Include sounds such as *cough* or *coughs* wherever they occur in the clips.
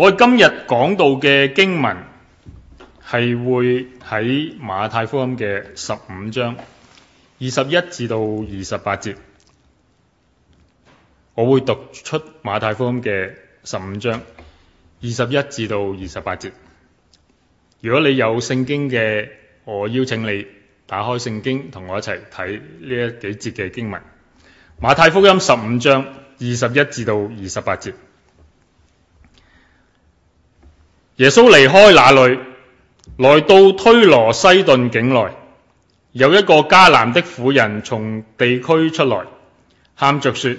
我今日講到嘅經文係會喺馬太福音嘅十五章二十一至到二十八節，我會讀出馬太福音嘅十五章二十一至到二十八節。如果你有聖經嘅，我邀請你打開聖經同我一齊睇呢一幾節嘅經文。馬太福音十五章二十一至到二十八節。耶穌離開那裡，來到推羅西頓境內，有一個迦南的婦人從地區出來，喊着說：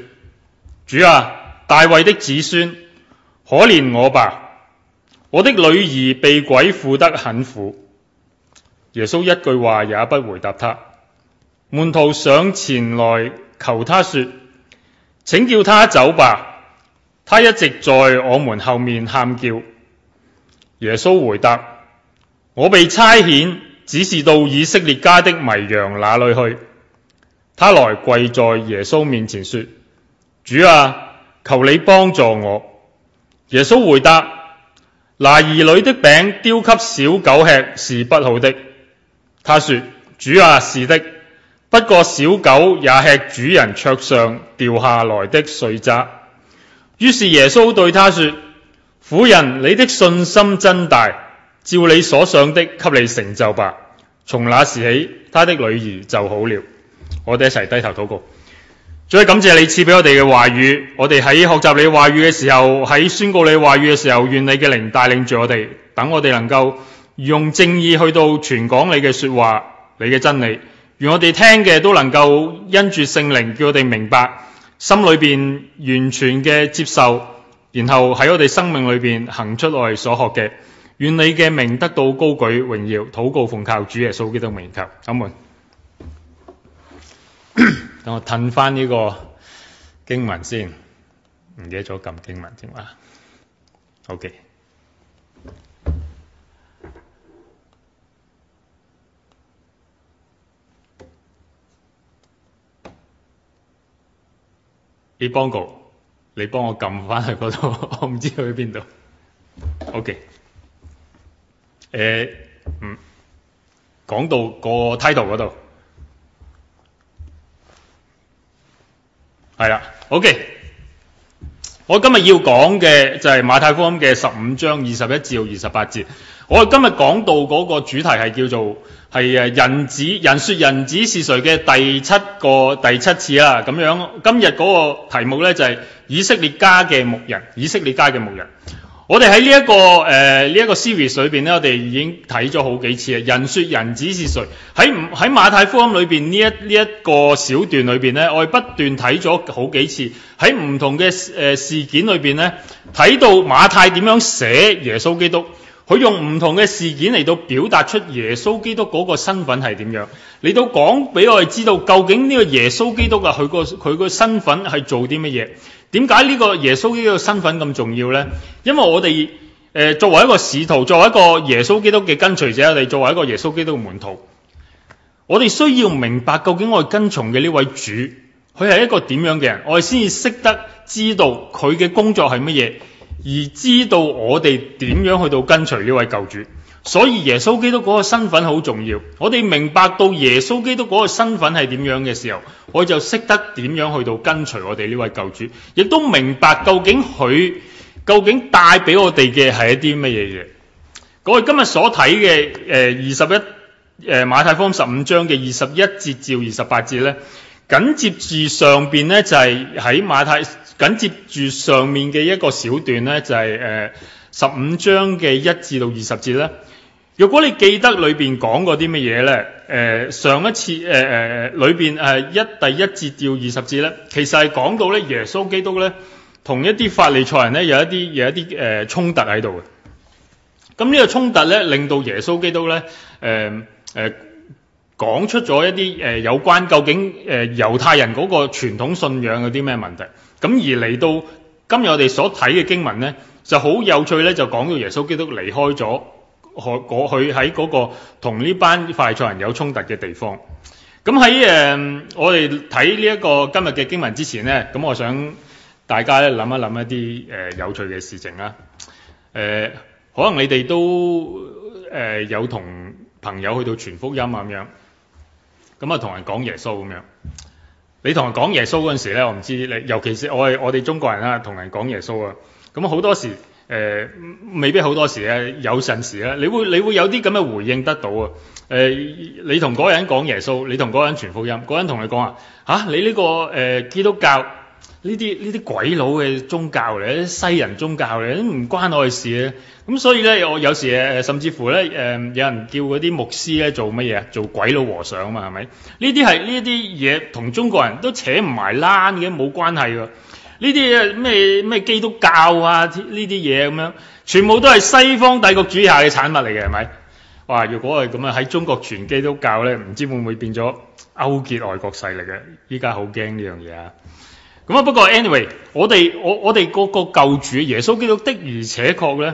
主啊，大衛的子孫，可憐我吧！我的女兒被鬼附得很苦。耶穌一句話也不回答他。門徒上前來求他說：請叫他走吧，他一直在我們後面喊叫。耶穌回答：我被差遣，只是到以色列家的迷羊那裡去。他來跪在耶穌面前說：主啊，求你幫助我。耶穌回答：拿，兒女的餅丟給小狗吃是不好的。他說：主啊，是的。不過小狗也吃主人桌上掉下來的碎渣。於是耶穌對他說。婦人，你的信心真大，照你所想的，給你成就吧。從那時起，他的女兒就好了。我哋一齊低頭禱告。再感謝你賜俾我哋嘅話語，我哋喺學習你話語嘅時候，喺宣告你話語嘅時候，願你嘅靈帶領住我哋，等我哋能夠用正義去到傳講你嘅說話，你嘅真理，願我哋聽嘅都能夠因住聖靈叫我哋明白，心裏邊完全嘅接受。然後喺我哋生命裏面行出我所學嘅，願你嘅名得到高舉榮耀，禱告奉靠主耶穌基督名求，阿門。等 *coughs* 我褪翻呢個經文先，唔記得咗撳經文添啊。O.K.，你幫個。你幫我撳翻去嗰度，我唔知去邊度。OK，誒、欸，嗯，講到個 title 嗰度，係啦。OK，我今日要講嘅就係馬太福音嘅十五章二十一至二十八節。我哋今日講到嗰個主題係叫做係誒、人子，人說人子是誰嘅第七個第七次啊。咁樣今日嗰個題目呢就係、是、以色列家嘅牧人，以色列家嘅牧人。我哋喺呢一個誒、呢一個 series 裏邊咧，我哋已經睇咗好幾次啊。人說人子是誰？喺唔喺馬太福音裏邊呢一呢一個小段裏邊呢，我哋不斷睇咗好幾次，喺唔同嘅誒事件裏邊呢，睇到馬太點樣寫耶穌基督。佢用唔同嘅事件嚟到表達出耶穌基督嗰個身份係點樣，嚟到講俾我哋知道究竟呢個耶穌基督啊，佢個佢個身份係做啲乜嘢？點解呢個耶穌基督嘅身份咁重要咧？因為我哋誒、呃，作為一個使徒，作為一個耶穌基督嘅跟隨者，我哋作為一個耶穌基督嘅門徒，我哋需要明白究竟我哋跟從嘅呢位主，佢係一個點樣嘅人，我哋先至識得知道佢嘅工作係乜嘢。而知道我哋點樣去到跟隨呢位舊主，所以耶穌基督嗰個身份好重要。我哋明白到耶穌基督嗰個身份係點樣嘅時候，我就識得點樣去到跟隨我哋呢位舊主，亦都明白究竟佢究竟帶俾我哋嘅係一啲乜嘢嘢。我哋今日所睇嘅誒二十一誒馬太福音十五章嘅二十一節至二十八節呢。緊接住上邊咧就係、是、喺馬太緊接住上面嘅一個小段咧就係誒十五章嘅一至到二十節咧。如果你記得裏邊講過啲乜嘢呢？誒、呃、上一次誒誒、呃、裏邊誒一第一節到二十節咧，其實係講到咧耶穌基督咧同一啲法利賽人咧有一啲有一啲誒、呃、衝突喺度嘅。咁、嗯、呢、這個衝突呢，令到耶穌基督咧誒誒。呃呃講出咗一啲誒、呃、有關究竟誒、呃、猶太人嗰個傳統信仰有啲咩問題？咁、嗯、而嚟到今日我哋所睇嘅經文呢就好有趣咧，就講到耶穌基督離開咗，去過去喺嗰個同呢班法利賽人有衝突嘅地方。咁喺誒我哋睇呢一個今日嘅經文之前呢，咁、嗯、我想大家咧諗一諗一啲誒、呃、有趣嘅事情啦。誒、呃，可能你哋都誒有同朋友去到傳福音啊咁樣。咁啊，同人講耶穌咁樣，你同人講耶穌嗰陣時咧，我唔知你，尤其是我係我哋中國人啦，同人講耶穌啊，咁好多時誒、呃，未必好多時咧，有陣時咧，你會你會有啲咁嘅回應得到啊，誒、呃，你同嗰人講耶穌，你同嗰人傳福音，嗰人同你講啊，吓、這個，你呢個誒基督教？呢啲呢啲鬼佬嘅宗教嚟，啲西人宗教嚟，都唔關我哋事嘅。咁所以咧，我有，有時誒，甚至乎咧，誒、呃，有人叫嗰啲牧師咧做乜嘢？做鬼佬和尚啊嘛，係咪？呢啲係呢啲嘢，同中國人都扯唔埋欄嘅，冇關係嘅。呢啲咩咩基督教啊，呢啲嘢咁樣，全部都係西方帝國主義下嘅產物嚟嘅，係咪？哇！如果係咁樣喺中國傳基督教咧，唔知會唔會變咗勾結外國勢力嘅。依家好驚呢樣嘢啊！咁啊，不過 anyway，我哋我我哋嗰個救主耶穌基督的而且確咧，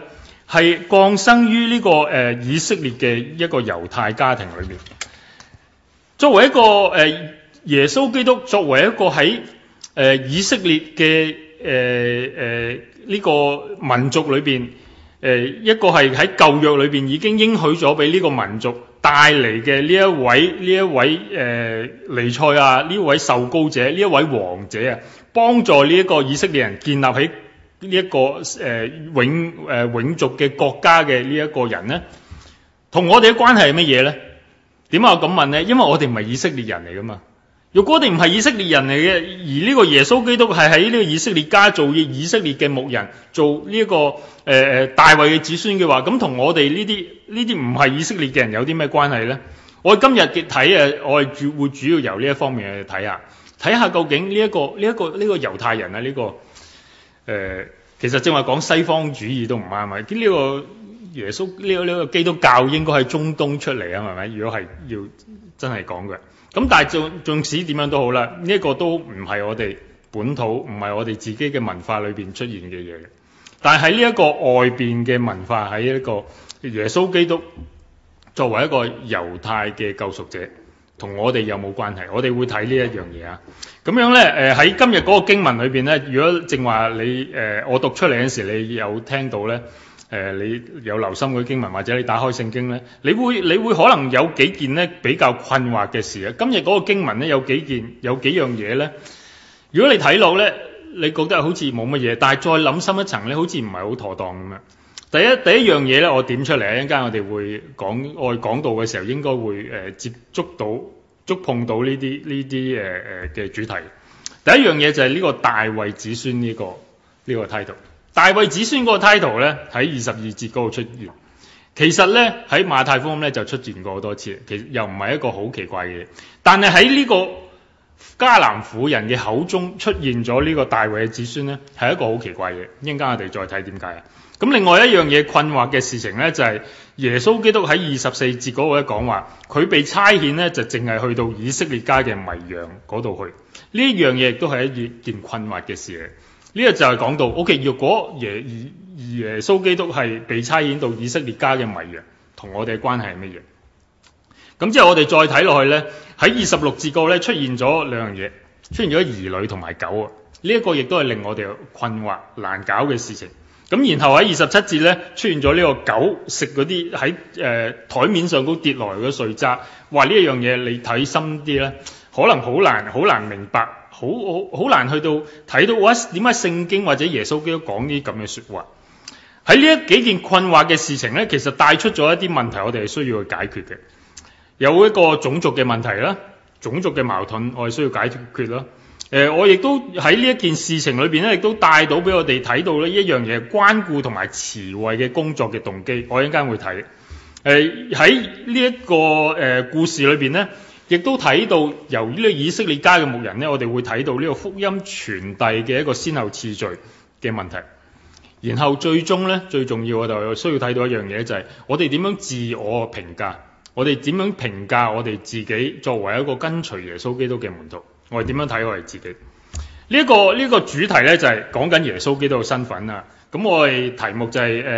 係降生於呢個誒以色列嘅一個猶太家庭裏邊。作為一個誒耶穌基督，作為一個喺誒以色列嘅誒誒呢個民族裏邊，誒一個係喺舊約裏邊已經應許咗俾呢個民族帶嚟嘅呢一位呢一位誒彌賽亞呢位受膏者呢一位王者啊！幫助呢一個以色列人建立起呢一個誒、呃、永誒、呃、永續嘅國家嘅呢一個人咧，同我哋嘅關係係乜嘢咧？點解我咁問咧？因為我哋唔係以色列人嚟噶嘛。如果我哋唔係以色列人嚟嘅，而呢個耶穌基督係喺呢個以色列家做以色列嘅牧人，做呢、這、一個誒誒、呃、大衛嘅子孫嘅話，咁同我哋呢啲呢啲唔係以色列嘅人有啲咩關係咧？我今日嘅睇誒，我係主會主要由呢一方面去睇啊。睇下究竟呢一個呢一個呢個猶太人啊，呢個誒、呃、其實正話講西方主義都唔啱啊！呢個耶穌呢呢個基督教應該喺中東出嚟啊？係咪？如果係要真係講嘅，咁但係縱縱使點樣都好啦，呢一個都唔係我哋本土，唔係我哋自己嘅文化裏邊出現嘅嘢。但係喺呢一個外邊嘅文化，喺一個耶穌基督作為一個猶太嘅救贖者。同我哋有冇關係？我哋會睇呢一樣嘢啊。咁樣呢，誒、呃、喺今日嗰個經文裏邊呢，如果正話你誒、呃，我讀出嚟嗰時你有聽到呢，誒、呃、你有留心嗰啲經文，或者你打開聖經呢，你會你會可能有幾件呢比較困惑嘅事啊。今日嗰個經文呢，有幾件有幾樣嘢呢？如果你睇到呢，你覺得好似冇乜嘢，但係再諗深一層呢，好似唔係好妥當咁樣。第一第一樣嘢咧，我點出嚟？一陣間我哋會講，我哋講到嘅時候，應該會誒、呃、接觸到、觸碰到呢啲呢啲誒誒嘅主題。第一樣嘢就係呢個大衞子孫呢個呢個 title。大衞子孫嗰個 title 咧，喺二十二節嗰度出現。其實咧喺馬太福音咧就出現過好多次，其實又唔係一個好奇怪嘅嘢。但係喺呢個迦南婦人嘅口中出現咗呢個大衞嘅子孫咧，係一個好奇怪嘅嘢。一陣間我哋再睇點解啊？咁另外一樣嘢困惑嘅事情咧，就係耶穌基督喺二十四節嗰一講話，佢被差遣咧就淨係去到以色列家嘅迷羊嗰度去。呢一樣嘢亦都係一件困惑嘅事嚟。呢個就係講到 OK，如果耶耶穌基督係被差遣到以色列家嘅迷羊，同我哋嘅關係係乜嘢？咁之後我哋再睇落去咧，喺二十六節嗰咧出現咗兩樣嘢，出現咗兒女同埋狗啊。呢一個亦都係令我哋困惑難搞嘅事情。咁然後喺二十七節咧出現咗呢個狗食嗰啲喺誒台面上都跌落嚟嘅碎渣，話呢一樣嘢你睇深啲咧，可能好難好難明白，好好好難去到睇到我點解聖經或者耶穌基督講呢啲咁嘅説話。喺呢幾件困惑嘅事情咧，其實帶出咗一啲問題，我哋係需要去解決嘅。有一個種族嘅問題啦，種族嘅矛盾我哋需要解決啦。誒、呃，我亦都喺呢一件事情裏邊咧，亦都帶到俾我哋睇到呢一樣嘢，關顧同埋慈惠嘅工作嘅動機。我一陣間會睇，誒喺呢一個誒、呃、故事裏邊咧，亦都睇到由呢個以色列家嘅牧人咧，我哋會睇到呢個福音傳遞嘅一個先後次序嘅問題。然後最終咧，最重要我就需要睇到一樣嘢，就是，就係我哋點樣自我評價，我哋點樣評價我哋自己作為一個跟隨耶穌基督嘅門徒。我點樣睇我哋自己？呢、這、一個呢、這個主題呢，就係、是、講緊耶穌基督嘅身份啊。咁我哋題目就係、是、誒、呃，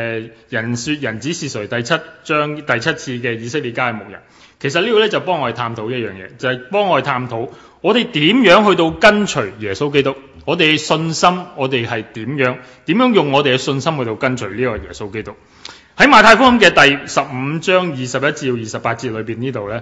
人說人子是誰？第七章第七次嘅以色列家嘅牧人。其實呢個呢，就幫我哋探討一樣嘢，就係、是、幫我哋探討我哋點樣去到跟隨耶穌基督。我哋信心，我哋係點樣？點樣用我哋嘅信心去到跟隨呢個耶穌基督？喺馬太福音嘅第十五章二十一至二十八節裏邊呢度呢。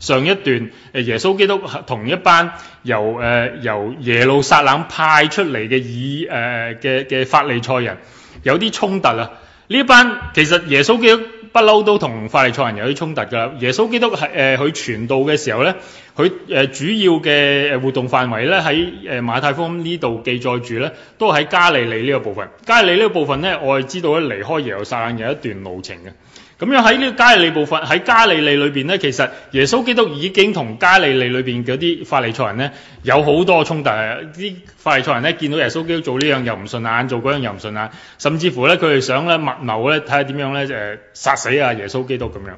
上一段誒耶穌基督同一班由誒、呃、由耶路撒冷派出嚟嘅以誒嘅嘅法利賽人有啲衝突啊！呢班其實耶穌基督不嬲都同法利賽人有啲衝突噶、啊、耶穌基督係誒佢傳道嘅時候咧，佢誒主要嘅誒活動範圍咧，喺誒馬太福音呢度記載住咧，都喺加利利呢個部分。加利利呢個部分咧，我係知道咧離開耶路撒冷有一段路程嘅、啊。咁樣喺呢個加利利部分，喺加利利裏邊咧，其實耶穌基督已經同加利利裏邊嗰啲法利賽人咧有好多衝突，啲法利賽人咧見到耶穌基督做呢樣又唔順眼，做嗰樣又唔順眼，甚至乎咧佢哋想咧密謀咧睇下點樣咧誒殺死啊耶穌基督咁樣，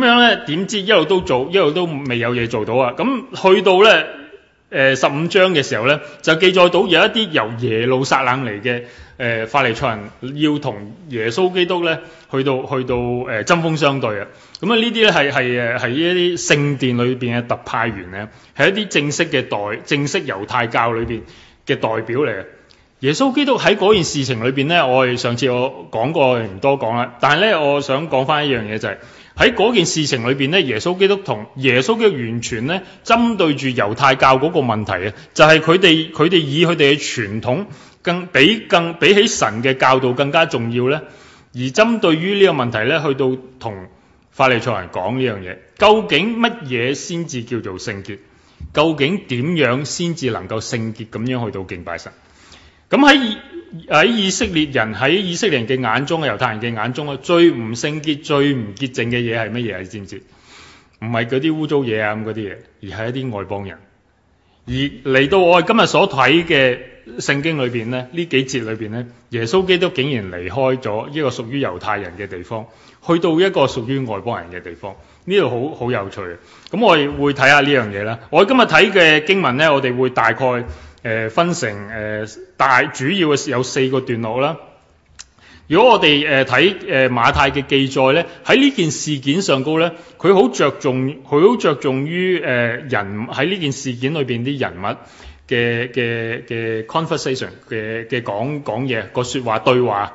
咁樣咧點知一路都做，一路都未有嘢做到啊，咁去到咧。誒，十五，呃、章嘅時候咧，就記載到有一啲由耶路撒冷嚟嘅，誒法利賽人要同耶穌基督咧去到去到誒針鋒相對啊！咁、嗯、啊呢啲咧係係誒係一啲聖殿裏邊嘅特派員咧，係一啲正式嘅代，正式猶太教裏邊嘅代表嚟嘅。耶穌基督喺嗰件事情裏邊咧，我哋上次我講過，唔多講啦。但係咧，我想講翻一樣嘢，就係、是。喺嗰件事情裏邊咧，耶穌基督同耶穌嘅完全咧，針對住猶太教嗰個問題啊，就係佢哋佢哋以佢哋嘅傳統更比更比起神嘅教導更加重要咧，而針對於呢個問題咧，去到同法利賽人講呢樣嘢，究竟乜嘢先至叫做聖潔？究竟點樣先至能夠聖潔咁樣去到敬拜神？咁喺。喺以色列人喺以色列人嘅眼中，猶太人嘅眼中啊，最唔聖潔、最唔潔淨嘅嘢係乜嘢？你知唔知？唔係嗰啲污糟嘢啊咁嗰啲嘢，而係一啲外邦人。而嚟到我哋今日所睇嘅聖經裏邊咧，呢幾節裏邊咧，耶穌基督竟然離開咗一個屬於猶太人嘅地方，去到一個屬於外邦人嘅地方。呢度好好有趣啊！咁我哋會睇下呢樣嘢啦。我哋今日睇嘅經文咧，我哋會大概，誒、呃、分成誒、呃、大主要嘅有四個段落啦。如果我哋誒睇誒馬太嘅記載咧，喺呢件事件上高咧，佢好着重佢好着重於誒、呃、人喺呢件事件裏邊啲人物嘅嘅嘅 conversation 嘅嘅講講嘢個說話，說話對話。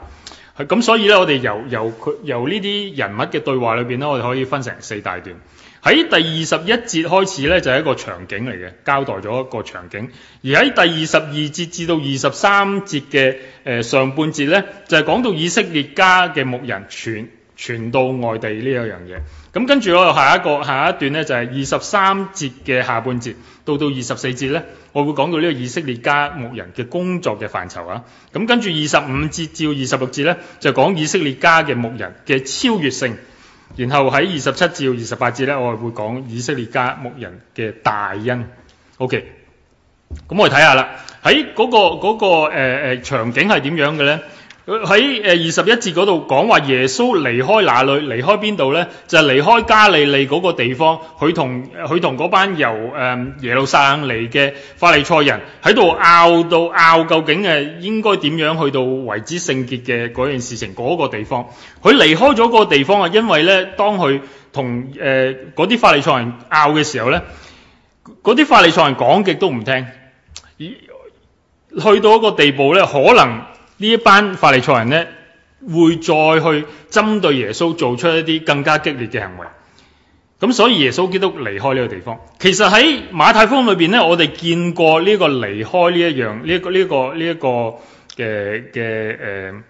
咁，所以咧我哋由由佢由呢啲人物嘅對話裏邊咧，我哋可以分成四大段。喺第二十一節開始咧，就係、是、一個場景嚟嘅，交代咗一個場景。而喺第二十二節至到二十三節嘅誒上半節咧，就係、是、講到以色列家嘅牧人傳傳到外地呢一樣嘢。咁、嗯、跟住我下一個下一段咧，就係二十三節嘅下半節到到二十四節咧，我會講到呢個以色列家牧人嘅工作嘅範疇啊。咁、嗯、跟住二十五節至二十六節咧，就講、是、以色列家嘅牧人嘅超越性。然後喺二十七至二十八節咧，我們會講以色列家牧人嘅大恩。OK，咁我哋睇下啦，喺嗰、嗰個、嗰、嗰個誒誒、呃呃、場景係點樣嘅咧？喺誒二十一節嗰度講話，耶穌離開哪裏，離開邊度呢？就係離開加利利嗰個地方。佢同佢同嗰班由誒耶路撒冷嚟嘅法利賽人喺度拗到拗，究竟誒應該點樣去到為之聖潔嘅嗰件事情嗰個地方？佢離開咗嗰個地方啊，因為呢，當佢同誒嗰啲法利賽人拗嘅時候呢，嗰啲法利賽人講極都唔聽，而去到一個地步呢，可能。呢一班法利賽人呢，會再去針對耶穌做出一啲更加激烈嘅行為。咁所以耶穌基督離開呢個地方。其實喺馬太福音裏邊咧，我哋見過呢個離開呢一樣呢一個呢一個呢一個嘅嘅誒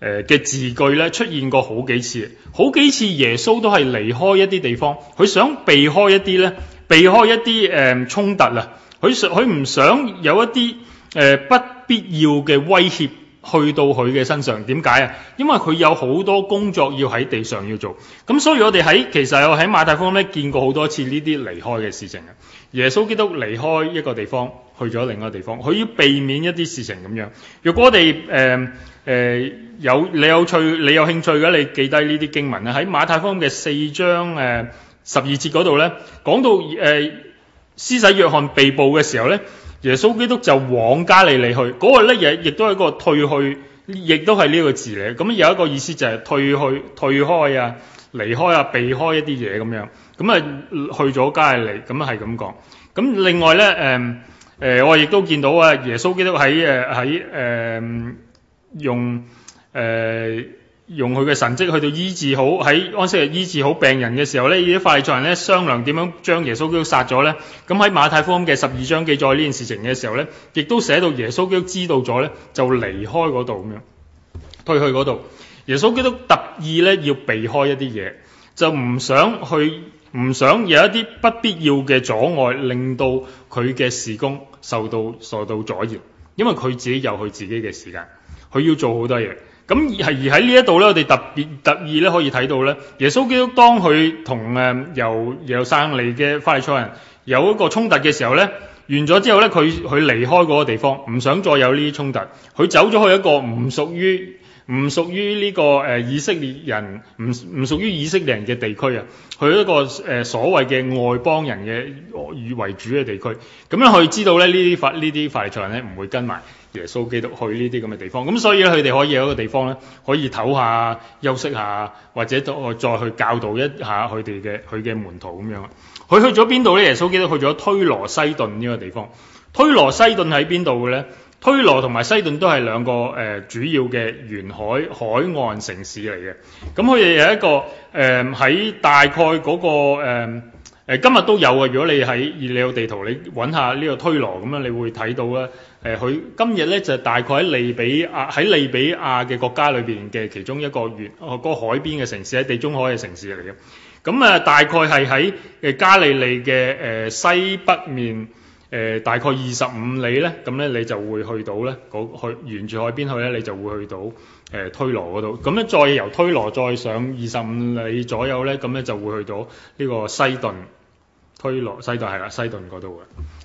誒嘅字句呢，出現過好幾次。好幾次耶穌都係離開一啲地方，佢想避開一啲呢，避開一啲誒衝突啊。佢想佢唔想有一啲誒、呃、不必要嘅威脅。去到佢嘅身上，點解啊？因為佢有好多工作要喺地上要做，咁所以我哋喺其實我喺馬太福音咧見過好多次呢啲離開嘅事情啊。耶穌基督離開一個地方去咗另一個地方，佢要避免一啲事情咁樣。如果我哋誒誒有你有趣你有興趣嘅，你記低呢啲經文啊。喺馬太福音嘅四章誒十二節嗰度咧，講到誒施洗約翰被捕嘅時候咧。耶穌基督就往加利利去，嗰、那個咧嘢亦都係一個退去，亦都係呢個字嚟。咁有一個意思就係退去、退開啊、離開啊、避開一啲嘢咁樣。咁啊去咗加利利，咁係咁講。咁另外咧，誒、呃、誒、呃、我亦都見到啊，耶穌基督喺誒喺誒用誒。呃用佢嘅神蹟去到醫治好，喺安息日醫治好病人嘅時候咧，呢啲法利賽人咧商量點樣將耶穌基督殺咗咧。咁喺馬太福音嘅十二章記載呢件事情嘅時候咧，亦都寫到耶穌基督知道咗咧，就離開嗰度咁樣，退去嗰度。耶穌基督特意咧要避開一啲嘢，就唔想去，唔想有一啲不必要嘅阻礙，令到佢嘅事工受到受到阻撓，因為佢自己有佢自己嘅時間，佢要做好多嘢。咁係而喺呢一度咧，我哋特別特意咧可以睇到咧，耶穌基督當佢同誒由由生嚟嘅法利賽人有一個衝突嘅時候咧，完咗之後咧，佢佢離開嗰個地方，唔想再有呢啲衝突。佢走咗去一個唔屬於唔屬於呢個誒、呃、以色列人，唔唔屬於以色列人嘅地區啊。去一個誒、呃、所謂嘅外邦人嘅以為主嘅地區。咁樣，佢知道咧呢啲法呢啲法利賽人咧唔會跟埋。耶穌基督去呢啲咁嘅地方，咁所以咧，佢哋可以有個地方咧，可以唞下、休息下，或者再再去教導一下佢哋嘅佢嘅門徒咁樣。佢去咗邊度咧？耶穌基督去咗推羅西頓呢個地方。推羅西頓喺邊度嘅咧？推羅同埋西頓都係兩個誒、呃、主要嘅沿海海岸城市嚟嘅。咁佢哋有一個誒喺、呃、大概嗰、那個誒、呃、今日都有嘅。如果你喺你有地圖，你揾下呢個推羅咁樣，你會睇到啊。誒佢今日咧就是、大概喺利比亞喺利比亞嘅國家裏邊嘅其中一個沿哦、嗰個、海邊嘅城市，喺地中海嘅城市嚟嘅。咁啊，大概係喺誒加利利嘅誒、呃、西北面誒、呃、大概二十五里咧，咁咧你就會去到咧，去沿住海邊去咧，你就會去到誒、呃、推羅嗰度。咁咧再由推羅再上二十五里左右咧，咁咧就會去到呢個西頓。推羅西頓係啦，西頓嗰度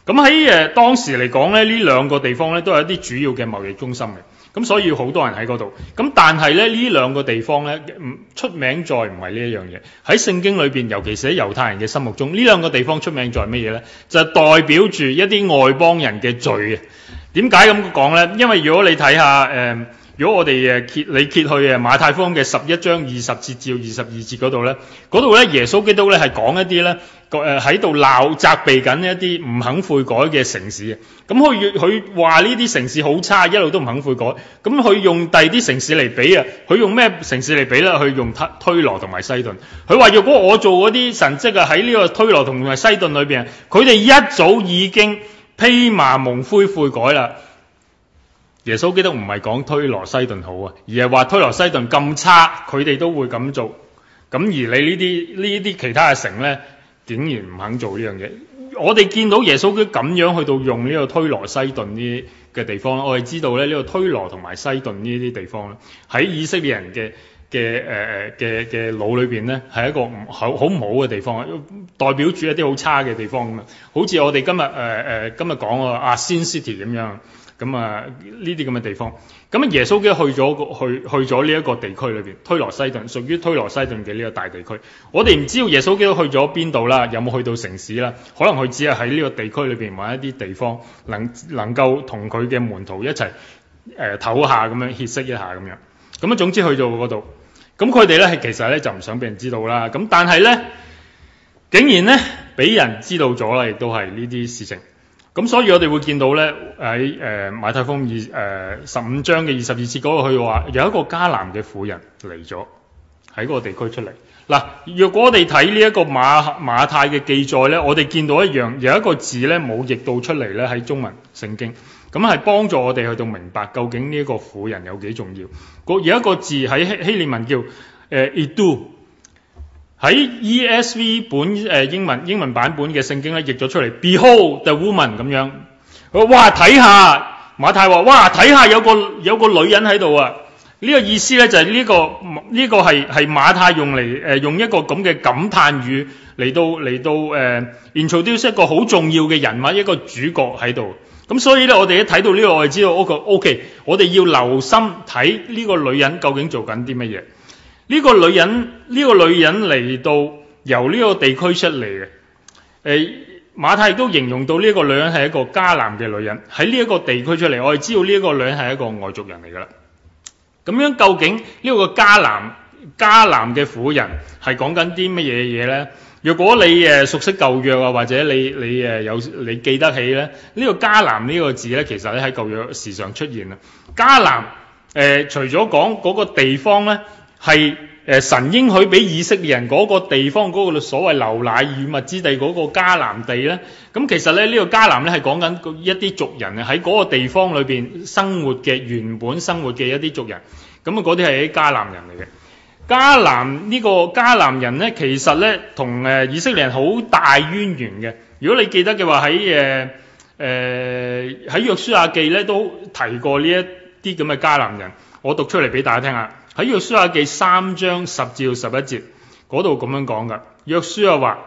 嘅。咁喺誒當時嚟講咧，呢兩個地方咧都係一啲主要嘅貿易中心嘅。咁所以好多人喺嗰度。咁但係咧，呢兩個地方咧，唔出名在唔係呢一樣嘢。喺聖經裏邊，尤其是喺猶太人嘅心目中，呢兩個地方出名在咩嘢咧？就係、代表住一啲外邦人嘅罪嘅。點解咁講咧？因為如果你睇下誒、呃，如果我哋誒揭你揭去誒馬太福音嘅十一章二十節至二十二節嗰度咧，嗰度咧耶穌基督咧係講一啲咧。誒喺度鬧責備緊一啲唔肯悔改嘅城市。咁佢佢話呢啲城市好差，一路都唔肯悔改。咁佢用第二啲城市嚟比啊，佢用咩城市嚟比咧？佢用推羅同埋西頓。佢話：若果我做嗰啲神蹟啊，喺呢個推羅同埋西頓裏邊，佢哋一早已經披麻蒙灰悔改啦。耶穌基督唔係講推羅西頓好啊，而係話推羅西頓咁差，佢哋都會咁做。咁而你呢啲呢啲其他嘅城呢？竟然唔肯做呢樣嘢，我哋見到耶穌佢咁樣去到用呢個推羅西頓呢嘅地方，我哋知道咧呢個推羅同埋西頓呢啲地方咧，喺以色列人嘅嘅誒誒嘅嘅腦裏邊咧，係一個唔好好唔好嘅地方，代表住一啲好差嘅地方咁、呃呃、啊，好似我哋今日誒誒今日講啊 Sin City 咁樣。咁啊，呢啲咁嘅地方，咁、嗯、啊，耶穌基督去咗去去咗呢一個地區裏邊，推羅西頓屬於推羅西頓嘅呢個大地區。我哋唔知道耶穌基督去咗邊度啦，有冇去到城市啦？可能佢只係喺呢個地區裏邊揾一啲地方，能能夠同佢嘅門徒一齊誒唞下咁樣歇息一下咁樣。咁、嗯、啊，總之去到嗰度，咁佢哋咧係其實咧就唔想俾人知道啦。咁但係咧，竟然咧俾人知道咗啦，亦都係呢啲事情。咁所以我哋會見到咧喺誒馬太福音二誒十五章嘅二十二節嗰個去話，有一個迦南嘅婦人嚟咗喺嗰個地區出嚟。嗱，若果我哋睇呢一個馬馬太嘅記載咧，我哋見到一樣有一個字咧冇譯到出嚟咧喺中文聖經，咁係幫助我哋去到明白究竟呢一個婦人有幾重要。個有一個字喺希臘文叫誒 ido。呃喺 ESV 本誒、呃、英文英文版本嘅聖經咧譯咗出嚟 Behold the woman 咁樣，哇睇下馬太話，哇睇下有個有個女人喺度啊，呢、這個意思咧就係、是、呢、這個呢、這個係係馬太用嚟誒、呃、用一個咁嘅感嘆語嚟到嚟到誒、呃、introduce 一個好重要嘅人物一個主角喺度，咁、嗯、所以咧我哋一睇到呢、這個我哋知道 O K O K 我哋要留心睇呢個女人究竟做緊啲乜嘢。呢個女人，呢、這個女人嚟到由呢個地區出嚟嘅。誒、呃，馬太都形容到呢一個女人係一個迦南嘅女人喺呢一個地區出嚟，我哋知道呢一個女人係一個外族人嚟噶啦。咁樣究竟呢、這個迦南迦南嘅婦人係講緊啲乜嘢嘢咧？若果你誒、呃、熟悉舊約啊，或者你你誒、呃、有你記得起咧，呢、這個迦南呢個字咧，其實咧喺舊約時常出現啊。迦南誒，除咗講嗰個地方咧。係誒、呃、神應許俾以色列人嗰個地方嗰、嗰個所謂流奶與蜜之地嗰個迦南地咧，咁其實咧呢、呢個迦南咧係講緊一啲族人喺嗰個地方裏邊生活嘅原本生活嘅一啲族人，咁啊嗰啲係喺迦南人嚟嘅。迦南呢、呢個迦南人咧，其實咧同誒以色列人好大淵源嘅。如果你記得嘅話，喺誒誒喺約書亞記咧都提過呢一啲咁嘅迦南人，我讀出嚟俾大家聽下。喺《約書亞記》三章十至十一節嗰度咁樣講嘅，約書亞話：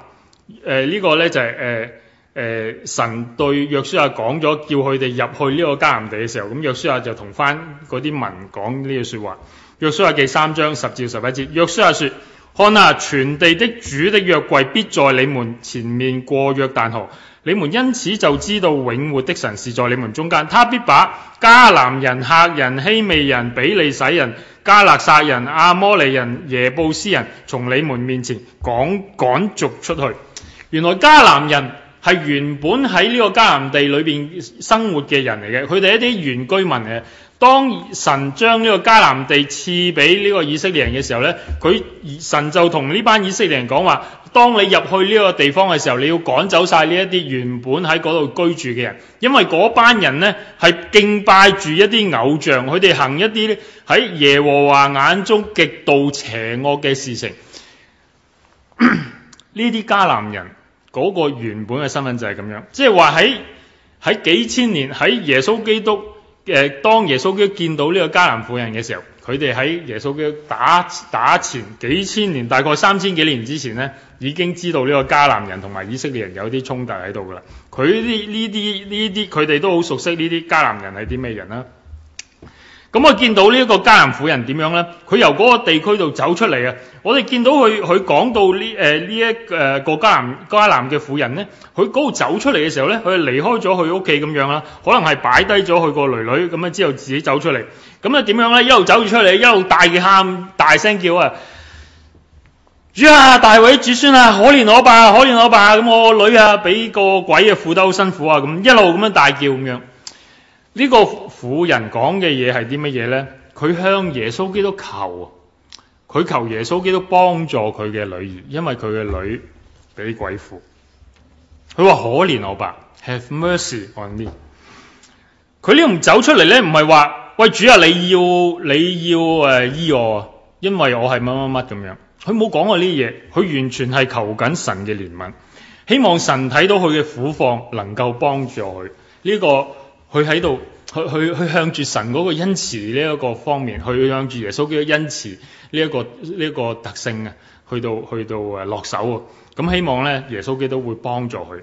誒呢、呃呢個咧就係誒誒神對約書亞講咗，叫佢哋入去呢個迦南地嘅時候，咁約書亞就同翻嗰啲民講呢個説話。《約書亞記》三章十至十一節，約書亞説：看啊，全地的主的約櫃必在你們前面過約旦河，你們因此就知道永活的神是在你們中間，他必把迦南人、客人、希味人、比利洗人。加勒撒人、阿摩利人、耶布斯人，從你們面前趕趕逐出去。原來迦南人係原本喺呢個迦南地裏邊生活嘅人嚟嘅，佢哋一啲原居民嚟。當神將呢個迦南地賜俾呢個以色列人嘅時候呢，佢神就同呢班以色列人講話：當你入去呢個地方嘅時候，你要趕走晒呢一啲原本喺嗰度居住嘅人，因為嗰班人呢係敬拜住一啲偶像，佢哋行一啲喺耶和華眼中極度邪惡嘅事情。呢啲 *coughs* 迦南人嗰個原本嘅身份就係咁樣，即係話喺喺幾千年喺耶穌基督。誒，當耶穌基督見到呢個迦南婦人嘅時候，佢哋喺耶穌基督打打前幾千年，大概三千幾年之前咧，已經知道呢個迦南人同埋以色列人有啲衝突喺度噶啦。佢呢呢啲呢啲，佢哋都好熟悉呢啲迦南人係啲咩人啦、啊。咁我見到呢一個迦南婦人點樣咧？佢由嗰個地區度走出嚟啊！我哋見到佢，佢講到呢誒呢一誒個迦南迦南嘅婦人咧，佢嗰度走出嚟嘅時候咧，佢離開咗佢屋企咁樣啦，可能係擺低咗佢個女女咁樣啊，之後自己走出嚟。咁啊點樣咧？一路走住出嚟，一路大嘅喊，大聲叫啊！主啊！大衛子孫啊！可憐我吧，可憐我吧！咁我女啊，俾個鬼啊苦兜辛苦啊！咁一路咁樣大叫咁樣。呢個婦人講嘅嘢係啲乜嘢咧？佢向耶穌基督求，佢求耶穌基督幫助佢嘅女兒，因為佢嘅女俾鬼附。佢話，可憐我吧，Have mercy on me。佢呢個唔走出嚟咧，唔係話喂，主啊，你要你要誒醫、呃、我，因為我係乜乜乜咁樣。佢冇講過呢啲嘢，佢完全係求緊神嘅憐憫，希望神睇到佢嘅苦況，能夠幫助佢呢、這個。佢喺度，去去去向住神嗰個恩賜呢一個方面，去向住耶穌基督恩賜呢一個呢一、這個特性啊，去到去到誒落手啊，咁希望咧耶穌基督會幫助佢。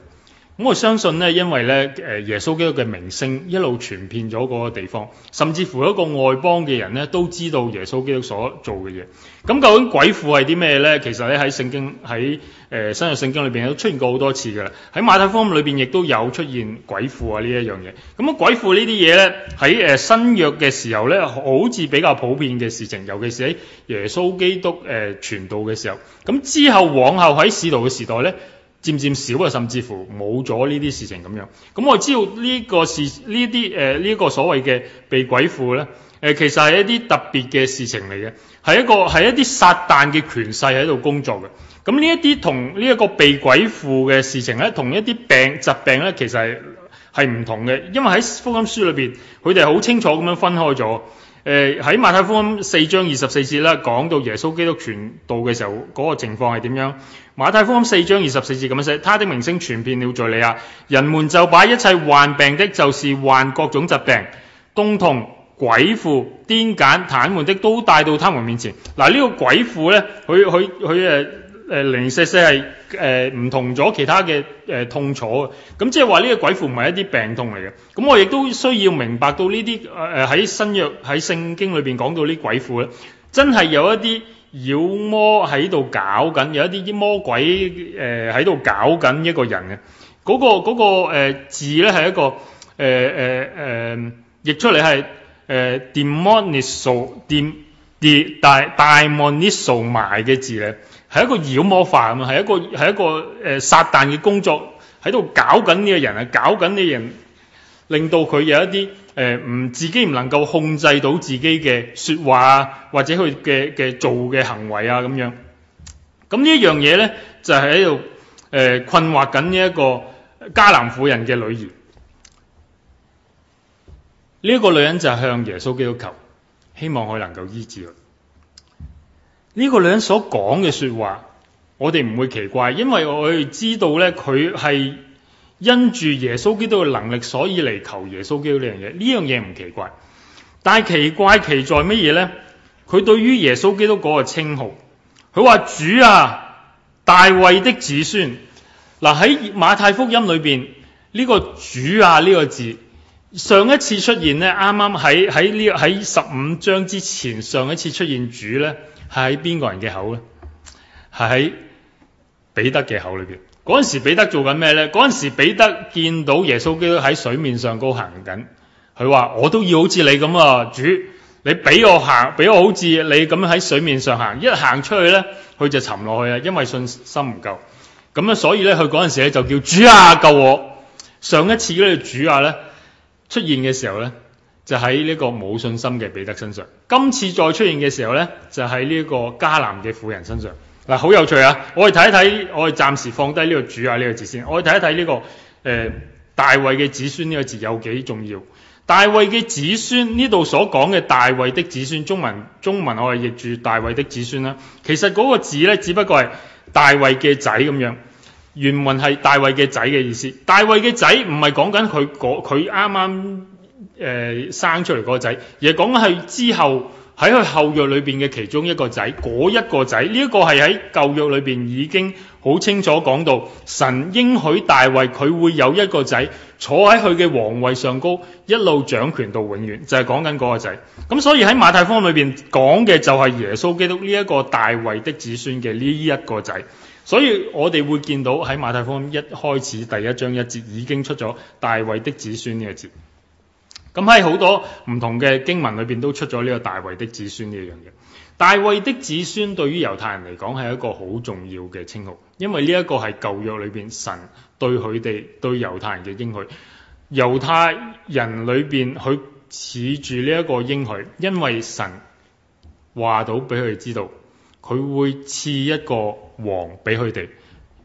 我相信咧，因為咧，誒，耶穌基督嘅名聲一路傳遍咗個地方，甚至乎一個外邦嘅人咧，都知道耶穌基督所做嘅嘢。咁究竟鬼附係啲咩咧？其實咧喺聖經喺誒、呃、新約聖經裏邊都出現過好多次噶啦，喺馬太福音裏邊亦都有出現鬼附啊呢一樣嘢。咁啊鬼附呢啲嘢咧喺誒新約嘅時候咧，好似比較普遍嘅事情，尤其是喺耶穌基督誒、呃、傳道嘅時候。咁之後往後喺使徒嘅時代咧。漸漸少啊，甚至乎冇咗呢啲事情咁樣。咁、嗯、我知道呢個事，呢啲誒呢個所謂嘅被鬼附呢，誒、呃、其實係一啲特別嘅事情嚟嘅，係一個係一啲撒旦嘅權勢喺度工作嘅。咁呢一啲同呢一個被鬼附嘅事情呢，同一啲病疾病呢，其實係唔同嘅，因為喺福音書裏邊，佢哋好清楚咁樣分開咗。誒喺、呃、馬太福音四章二十四節啦，講到耶穌基督傳道嘅時候嗰、那個情況係點樣？馬太福音四章二十四節咁樣寫，他的名聲傳遍了敘利亞，人們就把一切患病的，就是患各種疾病、疼痛、鬼附、癲癇、癱瘓的，都帶到他們面前。嗱、呃、呢、這個鬼附咧，佢佢佢誒。誒零、呃、零四四係誒唔同咗其他嘅誒、呃、痛楚嘅，咁、嗯、即係話呢個鬼附唔係一啲病痛嚟嘅。咁、嗯、我亦都需要明白到呢啲誒喺新約喺聖經裏邊講到啲鬼附咧，真係有一啲妖魔喺度搞緊，有一啲啲魔鬼誒喺度搞緊一個人嘅嗰、那個嗰、那個呃、字咧係一個誒誒誒譯出嚟係誒 Demoniso Demoniso 埋嘅字咧。係一個妖魔化，咁係一個係一個誒、呃、撒旦嘅工作，喺度搞緊呢個人啊，搞緊呢人，令到佢有一啲誒唔自己唔能夠控制到自己嘅說話啊，或者佢嘅嘅做嘅行為啊咁樣。咁呢一樣嘢咧，就喺度誒困惑緊呢一個迦南婦人嘅女兒。呢、這個女人就向耶穌基督求，希望佢能夠醫治佢。呢個女人所講嘅說話，我哋唔會奇怪，因為我哋知道咧，佢係因住耶穌基督嘅能力，所以嚟求耶穌基督呢樣嘢。呢樣嘢唔奇怪，但係奇怪其在乜嘢咧？佢對於耶穌基督嗰個稱號，佢話主啊，大衛的子孫。嗱、啊、喺馬太福音裏邊呢、這個主啊呢個字。上一次出現咧，啱啱喺喺呢喺十五章之前，上一次出現主咧，係喺邊個人嘅口咧？係喺彼得嘅口裏邊。嗰陣時彼得做緊咩咧？嗰陣時彼得見到耶穌基督喺水面上高行緊，佢話：我都要好似你咁啊，主，你俾我行，俾我好似你咁喺水面上行。一行出去咧，佢就沉落去啊，因為信心唔夠。咁啊，所以咧，佢嗰陣時咧就叫主啊，救我！上一次嗰度主啊咧。出現嘅時候呢，就喺呢個冇信心嘅彼得身上。今次再出現嘅時候呢，就喺呢個迦南嘅婦人身上。嗱、啊，好有趣啊！我哋睇一睇，我哋暫時放低呢、呢個主啊呢個字先。我哋睇一睇呢、呢個誒、呃、大衛嘅子孫呢個字有幾重要？大衛嘅子孫呢度所講嘅大衛的子孫，中文中文我係譯住大衛的子孫啦。其實嗰個字呢，只不過係大衛嘅仔咁樣。原文係大衛嘅仔嘅意思，大衛嘅仔唔係講緊佢佢啱啱誒生出嚟嗰個仔，而係講緊係之後喺佢後裔裏邊嘅其中一個仔，嗰一個仔呢一個係喺舊約裏邊已經好清楚講到神應許大衛佢會有一個仔坐喺佢嘅皇位上高，一路掌權到永遠，就係講緊嗰個仔。咁所以喺馬太福音裏邊講嘅就係耶穌基督呢一個大衛的子孫嘅呢一個仔。所以我哋會見到喺馬太福音一開始第一章一節已經出咗大衛的子孫呢個節，咁喺好多唔同嘅經文裏邊都出咗呢個大衛的子孫呢樣嘢。大衛的子孫對於猶太人嚟講係一個好重要嘅稱號，因為呢一個係舊約裏邊神對佢哋對猶太人嘅應許。猶太人裏邊佢恃住呢一個應許，因為神話到俾佢哋知道。佢會賜一個王俾佢哋，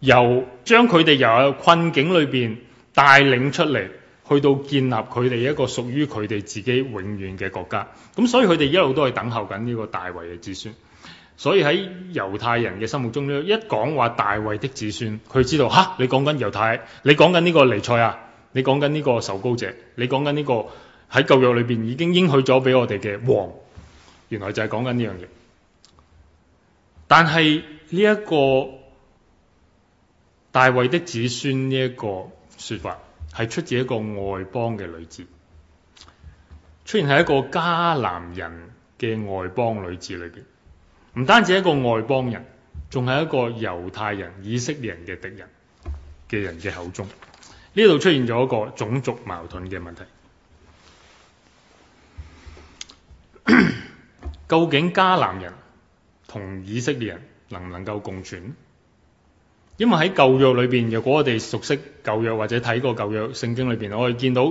由將佢哋由一個困境裏邊帶領出嚟，去到建立佢哋一個屬於佢哋自己永遠嘅國家。咁所以佢哋一路都係等候緊呢個大衛嘅子孫。所以喺猶太人嘅心目中呢，一講話大衛的子孫，佢知道嚇，你講緊猶太，你講緊呢個彌賽亞，你講緊呢個受膏者，你講緊呢個喺舊約裏邊已經應許咗俾我哋嘅王，原來就係講緊呢樣嘢。但係呢一個大衛的子孫呢一個說法，係出自一個外邦嘅女子，出現喺一個迦南人嘅外邦女子裏邊，唔單止一個外邦人，仲係一個猶太人、以色列人嘅敵人嘅人嘅口中，呢度出現咗一個種族矛盾嘅問題。 *coughs* 究竟迦南人？同以色列人能唔能夠共存？因為喺舊約裏邊，若果我哋熟悉舊約或者睇過舊約聖經裏邊，我可以見到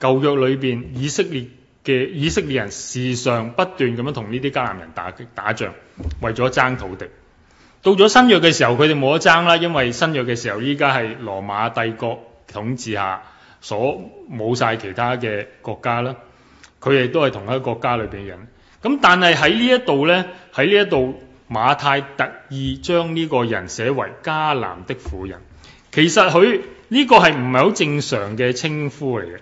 舊約裏邊以色列嘅以色列人時常不斷咁樣同呢啲迦南人打打仗，為咗爭土地。到咗新約嘅時候，佢哋冇得爭啦，因為新約嘅時候依家係羅馬帝國統治下，所冇晒其他嘅國家啦。佢哋都係同一個國家裏邊人。咁、嗯、但係喺呢一度呢，喺呢一度，馬太特意將呢個人寫為迦南的婦人。其實佢呢、這個係唔係好正常嘅稱呼嚟嘅。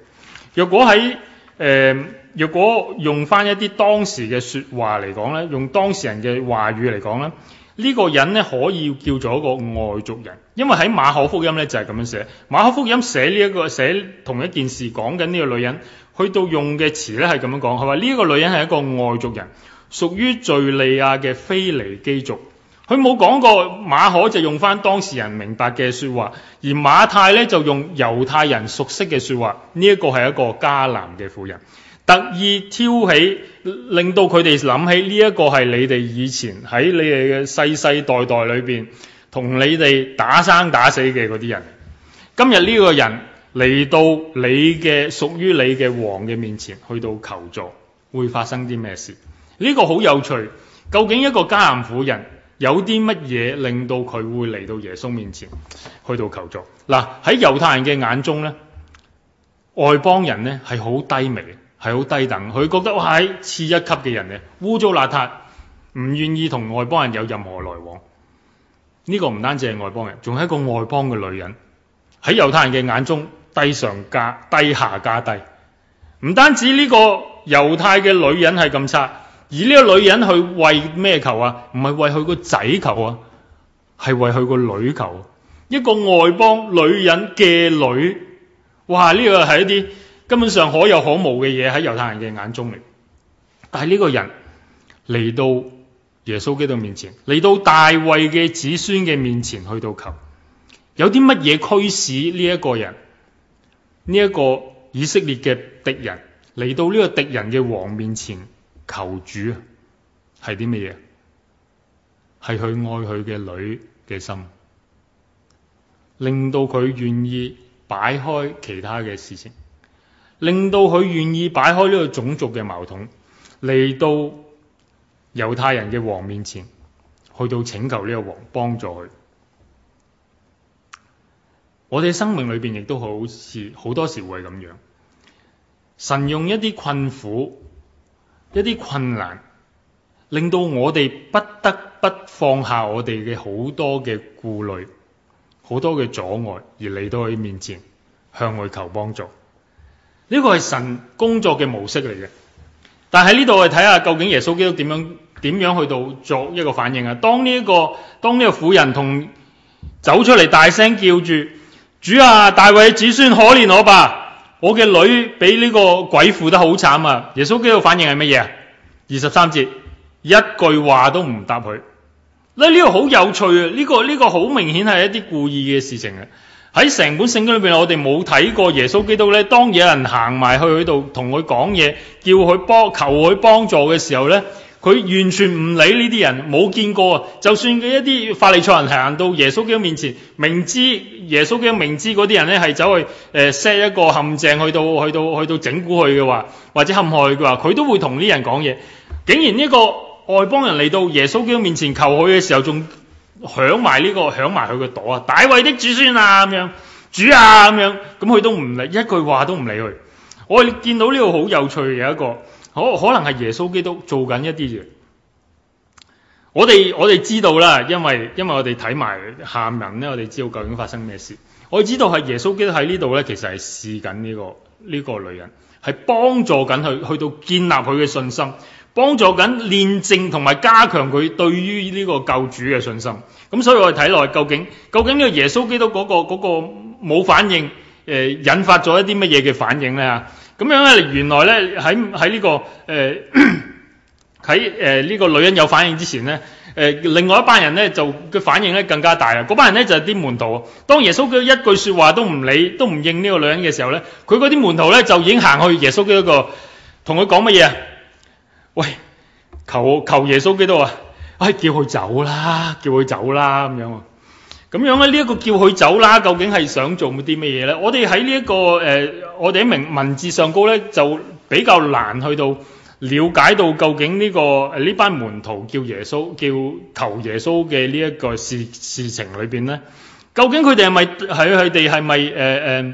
若果喺誒，若、呃、果用翻一啲當時嘅說話嚟講呢用當時人嘅話語嚟講咧，呢、這個人呢可以叫做一個外族人，因為喺馬可福音呢，就係、是、咁樣寫。馬可福音寫呢一個寫同一件事，講緊呢個女人。去到用嘅詞咧係咁樣講，係話呢一個女人係一個外族人，屬於敍利亞嘅非尼基族。佢冇講過，馬可就用翻當時人明白嘅説話，而馬太咧就用猶太人熟悉嘅説話。呢一個係一個迦南嘅婦人，特意挑起，令到佢哋諗起呢一個係你哋以前喺你哋嘅世世代代裏邊同你哋打生打死嘅嗰啲人。今日呢個人。嚟到你嘅屬於你嘅王嘅面前去到求助，會發生啲咩事？呢、這個好有趣。究竟一個迦南婦人有啲乜嘢令到佢會嚟到耶穌面前去到求助？嗱，喺猶太人嘅眼中咧，外邦人咧係好低微，係好低等。佢覺得哇，係、哎、次一級嘅人咧，污糟邋遢，唔願意同外邦人有任何來往。呢、這個唔單止係外邦人，仲係一個外邦嘅女人。喺猶太人嘅眼中，低上價、低下價低。唔單止呢個猶太嘅女人係咁差，而呢個女人去為咩求啊？唔係為佢個仔求啊，係為佢個女求。一個外邦女人嘅女，哇！呢個係一啲根本上可有可無嘅嘢，喺猶太人嘅眼中嚟。但係呢個人嚟到耶穌基督面前，嚟到大衛嘅子孫嘅面前去到求。有啲乜嘢驅使呢一個人，呢一個以色列嘅敵人嚟到呢個敵人嘅王面前求主，係啲乜嘢？係佢愛佢嘅女嘅心，令到佢願意擺開其他嘅事情，令到佢願意擺開呢個種族嘅矛盾嚟到猶太人嘅王面前，去到請求呢個王幫助佢。我哋生命裏邊亦都好似好多時會咁樣，神用一啲困苦、一啲困難，令到我哋不得不放下我哋嘅好多嘅顧慮、好多嘅阻礙，而嚟到佢面前向佢求幫助。呢、這個係神工作嘅模式嚟嘅，但係喺呢度我哋睇下究竟耶穌基督點樣點樣去到作一個反應啊？當呢、這、一個當呢個婦人同走出嚟，大聲叫住。主啊，大衛子孫可憐我吧！我嘅女俾呢個鬼附得好慘啊！耶穌基督反應係乜嘢啊？二十三節，一句話都唔答佢。咧、呢、呢個好有趣啊！呢、呢個呢、呢個好明顯係一啲故意嘅事情啊！喺成本聖經裏邊，我哋冇睇過耶穌基督咧，當有人行埋去佢度同佢講嘢，叫佢幫求佢幫助嘅時候呢。佢完全唔理呢啲人，冇見過啊！就算佢一啲法利賽人行到耶穌基督面前，明知耶穌基督明知嗰啲人咧係走去誒 set、呃、一個陷阱去到去到去到整蠱佢嘅話，或者陷害佢嘅話，佢都會同呢人講嘢。竟然呢、這個外邦人嚟到耶穌基督面前求佢嘅時候，仲響埋呢個響埋佢嘅朵啊！大衛的子孫啊，咁樣主啊，咁樣咁佢都唔理，一句話都唔理佢。我哋見到呢個好有趣嘅一個。可可能係耶穌基督做緊一啲嘢，我哋我哋知道啦，因為因為我哋睇埋下文咧，我哋知道究竟發生咩事。我知道係耶穌基督喺呢度咧，其實係試緊呢、呢個呢、呢個女人，係幫助緊佢去，去到建立佢嘅信心，幫助緊煉淨同埋加強佢對於呢個救主嘅信心。咁所以我哋睇落去究竟究竟呢個耶穌基督嗰、嗰個、嗰個冇反應，誒、呃、引發咗一啲乜嘢嘅反應咧？啊！咁樣咧，原來咧喺喺呢、這個誒喺誒呢個女人有反應之前咧，誒、呃、另外一班人咧就嘅反應咧更加大啦。嗰班人咧就係、是、啲門徒啊。當耶穌佢一句説話都唔理都唔應呢個女人嘅時候咧，佢嗰啲門徒咧就已經行去耶穌嘅嗰個，同佢講乜嘢啊？喂，求求耶穌幾多啊？哎，叫佢走啦，叫佢走啦咁樣。咁樣咧，呢一個叫佢走啦，究竟係想做啲咩嘢咧？我哋喺呢一個誒、呃，我哋喺明文字上高咧，就比較難去到了解到究竟呢個誒呢班門徒叫耶穌，叫求耶穌嘅呢一個事事情裏邊咧，究竟佢哋係咪喺佢哋係咪誒誒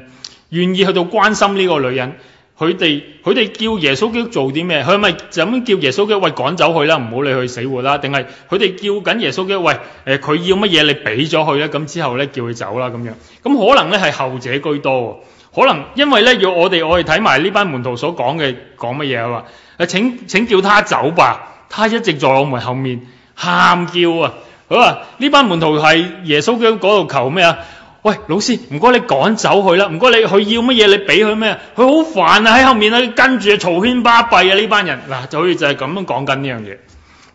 願意去到關心呢個女人？佢哋佢哋叫耶穌基督做啲咩？佢咪就咁叫耶穌基督，喂，趕走佢啦，唔好理佢死活啦。定係佢哋叫緊耶穌基督，喂誒，佢、呃、要乜嘢你俾咗佢咧？咁之後咧叫佢走啦咁樣。咁可能咧係後者居多。可能因為咧要我哋我哋睇埋呢班門徒所講嘅講乜嘢啊？話誒，請請叫他走吧，他一直在我們後面喊叫啊。好啊，呢班門徒係耶穌基督嗰度求咩啊？喂，老師，唔該你趕走佢啦，唔該你，佢要乜嘢你俾佢咩？佢好煩啊，喺後面啊，跟住啊，嘈喧巴閉啊呢班人，嗱、啊，就好似就係咁樣講緊呢樣嘢。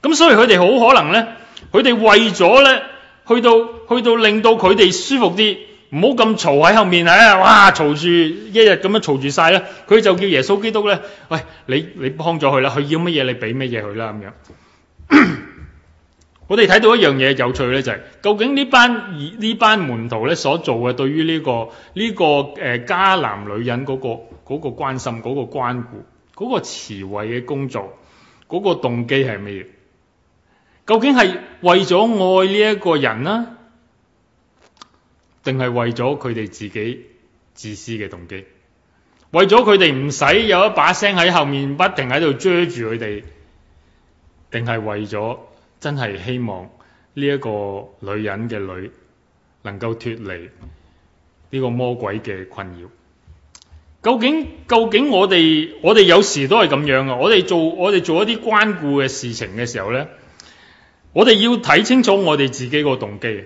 咁所以佢哋好可能咧，佢哋為咗咧，去到去到令到佢哋舒服啲，唔好咁嘈喺後面，啊，唉，哇，嘈住一日咁樣嘈住晒啦，佢就叫耶穌基督咧，喂，你你幫咗佢啦，佢要乜嘢你俾乜嘢佢啦咁樣。 *coughs* 我哋睇到一樣嘢有趣咧，就係究竟呢班呢班門徒咧，所做嘅，對於呢個呢個誒迦南女人嗰個嗰個關心、嗰個關顧、嗰個慈惠嘅工作，嗰個動機係乜嘢？究竟係為咗愛呢一個人啊，定係為咗佢哋自己自私嘅動機？為咗佢哋唔使有一把聲喺後面不停喺度追住佢哋，定係為咗？真係希望呢一個女人嘅女能夠脫離呢個魔鬼嘅困擾。究竟究竟我哋我哋有時都係咁樣啊！我哋做我哋做一啲關顧嘅事情嘅時候呢，我哋要睇清楚我哋自己個動機。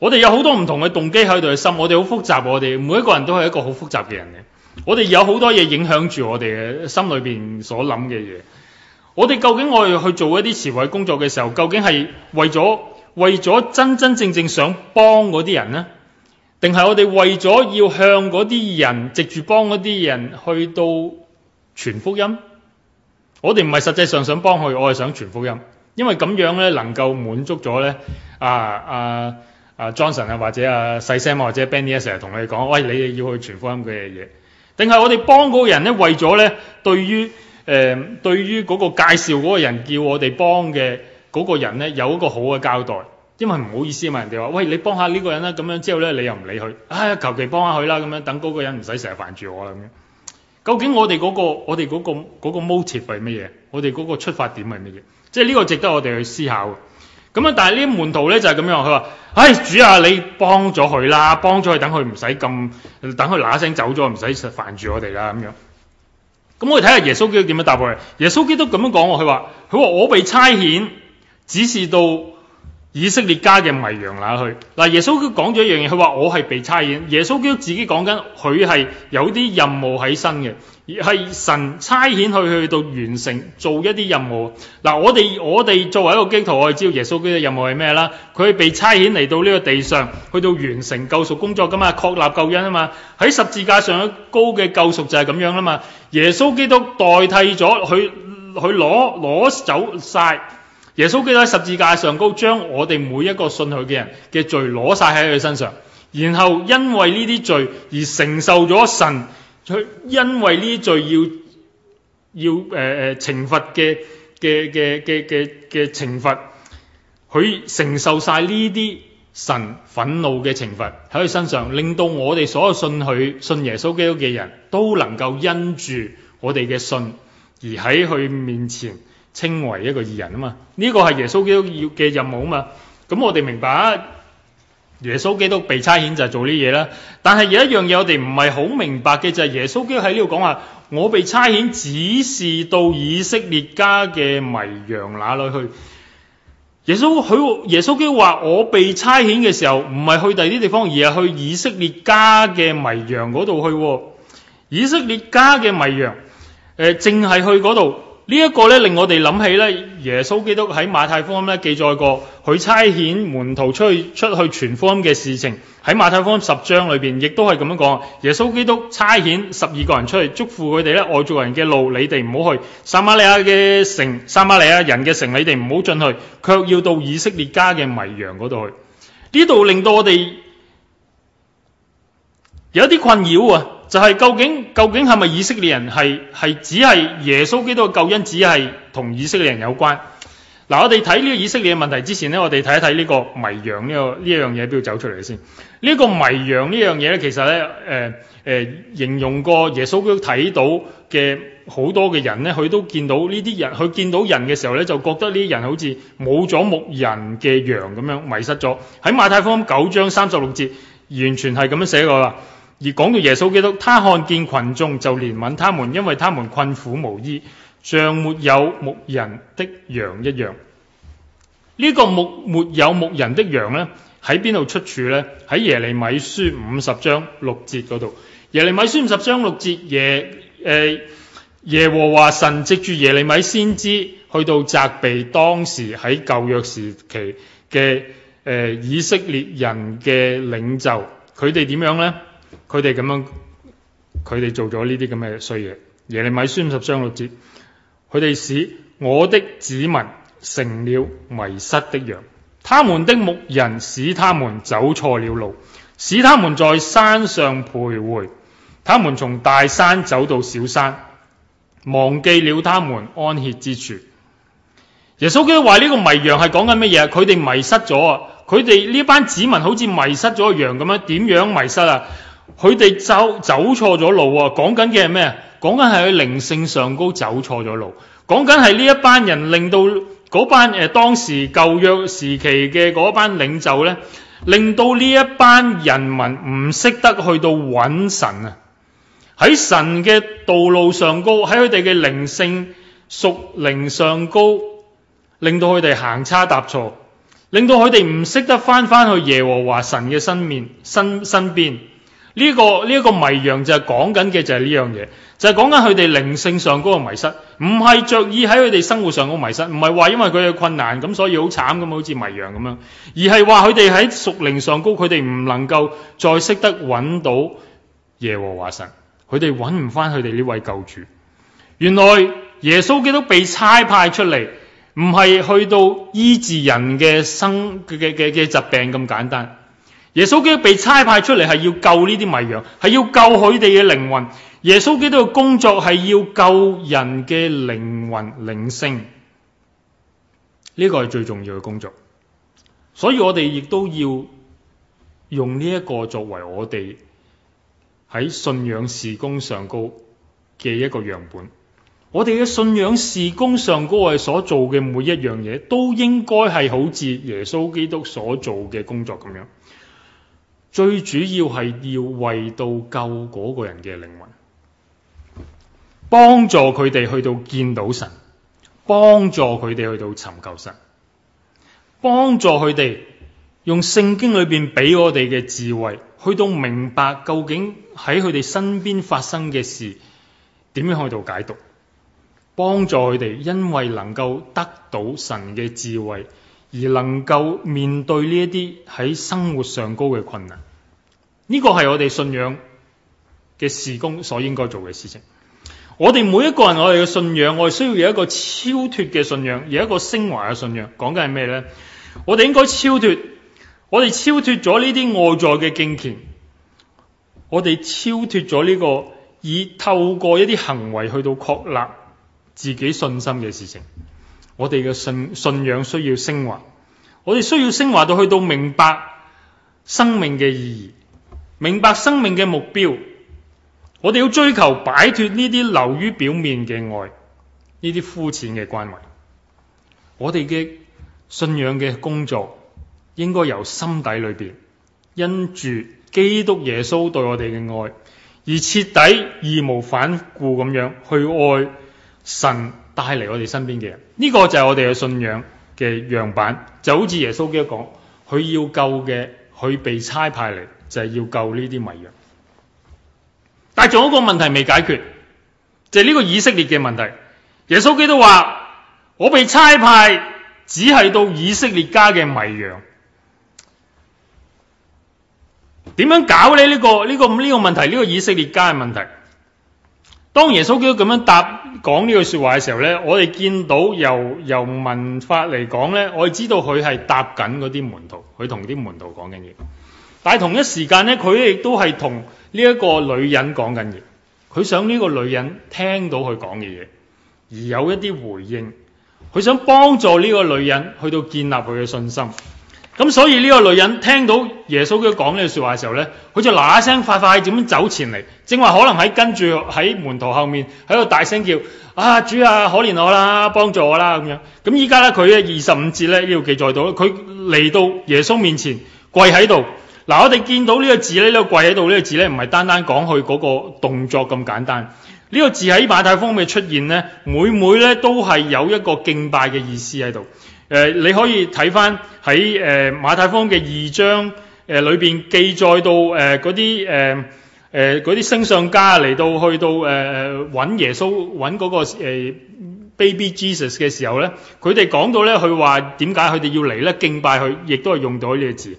我哋有好多唔同嘅動機喺度嘅心，我哋好複雜。我哋每一個人都係一個好複雜嘅人嘅。我哋有好多嘢影響住我哋嘅心裏邊所諗嘅嘢。我哋究竟我哋去做一啲慈惠工作嘅時候，究竟係為咗為咗真真正正想幫嗰啲人咧，定係我哋為咗要向嗰啲人藉住幫嗰啲人去到傳福音？我哋唔係實際上想幫佢，我係想傳福音，因為咁樣咧能夠滿足咗咧啊啊啊 Johnson 啊或者啊細 Sam、啊、或者 Benny 成日同你哋講，喂，你哋要去傳福音嘅嘢，定係我哋幫嗰個人咧為咗咧對於？誒、嗯，對於嗰個介紹嗰個人叫我哋幫嘅嗰個人咧，有一個好嘅交代，因為唔好意思嘛，人哋話：喂，你幫下呢個人啦，咁樣之後咧，你又唔理佢，唉，求其幫下佢啦，咁樣等嗰個人唔使成日煩住我啦，咁樣。究竟我哋嗰個，我哋嗰個嗰個 motive 係乜嘢？我哋嗰個出發點係乜嘢？即係呢個值得我哋去思考嘅。咁啊，但係呢啲門徒咧就係咁樣，佢話：唉，主啊，你幫咗佢啦，幫咗佢，等佢唔使咁，等佢嗱一聲走咗，唔使煩住我哋啦，咁樣。咁、嗯、我哋睇下耶穌基督點樣答佢？耶穌基督咁樣講喎，佢話：佢話我被差遣，只是到以色列家嘅迷羊喇，去嗱，耶穌基督講咗一樣嘢，佢話我係被差遣。耶穌基督自己講緊，佢係有啲任務喺身嘅，係神差遣去去到完成做一啲任務。嗱，啊，我哋我哋作為一個基督徒，我哋知道耶穌基督嘅任務係咩啦？佢係被差遣嚟到呢個地上，去到完成救贖工作噶嘛，確立救恩啊嘛。喺十字架上高嘅救贖就係咁樣啦嘛。耶穌基督代替咗佢，佢攞攞走晒。耶穌基督喺十字架上高將我哋每一個信佢嘅人嘅罪攞晒喺佢身上，然後因為呢啲罪而承受咗神去，因為呢啲罪要要誒誒懲罰嘅嘅嘅嘅嘅嘅懲罰，佢承受晒呢啲神憤怒嘅懲罰喺佢身上，令到我哋所有信佢信耶穌基督嘅人都能夠因住我哋嘅信而喺佢面前。稱為一個義人啊嘛，呢、這個係耶穌基督要嘅任務啊嘛，咁、嗯、我哋明白耶穌基督被差遣就係做呢嘢啦。但係有一樣嘢我哋唔係好明白嘅就係、是、耶穌基督喺呢度講話，我被差遣指示到以色列家嘅迷羊那裏去。耶穌佢耶穌基督話我被差遣嘅時候唔係去第啲地方，而係去以色列家嘅迷羊嗰度去、哦。以色列家嘅迷羊，誒、呃，淨係去嗰度。呢一個咧令我哋諗起咧，耶穌基督喺馬太福音咧記載過，佢差遣門徒出去出去傳福音嘅事情。喺馬太福音十章裏邊，亦都係咁樣講，耶穌基督差遣十二個人出去，囑咐佢哋咧，外族人嘅路，你哋唔好去；撒瑪利亞嘅城，撒瑪利亞人嘅城，你哋唔好進去，卻要到以色列家嘅迷羊嗰度去。呢度令到我哋有啲困擾啊！就係究竟究竟係咪以色列人係係只係耶穌基督嘅救恩只係同以色列人有關？嗱，我哋睇呢個以色列嘅問題之前咧，我哋睇一睇呢個迷羊呢、這個呢一樣嘢都要走出嚟先。呢、這個迷羊呢樣嘢咧，其實咧誒誒，形容過耶穌基督睇到嘅好多嘅人咧，佢都見到呢啲人，佢見到人嘅時候咧，就覺得呢啲人好似冇咗牧人嘅羊咁樣迷失咗。喺馬太福音九章三十六節，完全係咁樣寫過喇。而講到耶穌基督，他看見群眾就憐憫他們，因為他們困苦無依，像沒有牧人的羊一樣。呢、這個牧沒有牧人的羊呢，喺邊度出處呢？喺耶利米書五十章六節嗰度。耶利米書五十章六節，耶誒耶和華神藉住耶利米先知去到責備當時喺舊約時期嘅誒、呃、以色列人嘅領袖，佢哋點樣呢？佢哋咁樣，佢哋做咗呢啲咁嘅衰嘢。耶利米書五十章六節，佢哋使我的子民成了迷失的羊，他們的牧人使他們走錯了路，使他們在山上徘徊，他們從大山走到小山，忘記了他們安歇之處。耶穌基督話呢個迷羊係講緊乜嘢？佢哋迷失咗啊！佢哋呢班子民好似迷失咗羊咁樣，點樣迷失啊？佢哋走走錯咗路啊！講緊嘅係咩？講緊係佢靈性上高走錯咗路。講緊係呢一班人令到嗰班誒當時舊約時期嘅嗰班領袖呢，令到呢一班人民唔識得去到揾神啊！喺神嘅道路上高，喺佢哋嘅靈性屬靈上高，令到佢哋行差踏錯，令到佢哋唔識得返返去耶和華神嘅身面身身邊。身身邊呢個呢一個迷羊就係講緊嘅就係呢樣嘢，就係講緊佢哋靈性上高嘅迷失，唔係着意喺佢哋生活上高迷失，唔係話因為佢嘅困難咁所以好慘咁好似迷羊咁樣，而係話佢哋喺屬靈上高佢哋唔能夠再識得揾到耶和華神，佢哋揾唔翻佢哋呢位救主。原來耶穌基督被差派出嚟，唔係去到醫治人嘅生嘅嘅嘅疾病咁簡單。耶穌基督被差派出嚟係要救呢啲迷羊，係要救佢哋嘅靈魂。耶穌基督嘅工作係要救人嘅靈魂、靈性，呢個係最重要嘅工作。所以我哋亦都要用呢一個作為我哋喺信仰事工上高嘅一個樣本。我哋嘅信仰事工上高係所做嘅每一樣嘢，都應該係好似耶穌基督所做嘅工作咁樣。最主要係要為到救嗰個人嘅靈魂，幫助佢哋去到見到神，幫助佢哋去到尋求神，幫助佢哋用聖經裏邊俾我哋嘅智慧，去到明白究竟喺佢哋身邊發生嘅事點樣去到解讀，幫助佢哋，因為能夠得到神嘅智慧。而能夠面對呢一啲喺生活上高嘅困難，呢個係我哋信仰嘅事工所應該做嘅事情。我哋每一個人，我哋嘅信仰，我哋需要有一個超脫嘅信仰，有一個升華嘅信仰。講緊係咩呢？我哋應該超脫，我哋超脫咗呢啲外在嘅敬虔，我哋超脫咗呢個以透過一啲行為去到確立自己信心嘅事情。我哋嘅信信仰需要升華，我哋需要升華到去到明白生命嘅意義，明白生命嘅目標。我哋要追求擺脫呢啲流於表面嘅愛，呢啲膚淺嘅關懷。我哋嘅信仰嘅工作應該由心底裏邊，因住基督耶穌對我哋嘅愛，而徹底義無反顧咁樣去愛神。帶嚟我哋身邊嘅人，呢個就係我哋嘅信仰嘅樣板，就好似耶穌基督講，佢要救嘅，佢被差派嚟就係要救呢啲迷羊。但係仲有一個問題未解決，就係呢個以色列嘅問題。耶穌基督話：我被差派只係到以色列家嘅迷羊。點樣搞呢？呢個呢個呢個問題，呢個以色列家嘅問題？當耶穌基督咁樣答講呢句說話嘅時候呢，我哋見到由由文法嚟講呢，我哋知道佢係答緊嗰啲門徒，佢同啲門徒講緊嘢。但係同一時間呢，佢亦都係同呢一個女人講緊嘢，佢想呢個女人聽到佢講嘅嘢而有一啲回應，佢想幫助呢個女人去到建立佢嘅信心。咁所以呢個女人聽到耶穌佢講呢句說話嘅時候咧，佢就嗱嗱聲快快咁樣走前嚟，正話可能喺跟住喺門徒後面喺度大聲叫，啊，主啊，可憐我啦，幫助我啦咁樣。咁依家咧佢咧，二十五節咧呢度、這個、記載到，佢嚟到耶穌面前跪喺度。嗱，我哋見到呢個字咧呢，這個跪喺度呢個字咧唔係單單講佢嗰個動作咁簡單。呢、這個字喺馬太福音嘅出現咧，每每咧都係有一個敬拜嘅意思喺度。誒、呃、你可以睇翻喺誒馬太福音嘅二章誒裏邊記載到誒嗰啲誒誒啲星相家嚟到去到誒誒揾耶穌揾嗰個誒、呃、baby Jesus 嘅時候咧，佢哋講到咧，佢話點解佢哋要嚟咧敬拜佢，亦都係用到呢個字。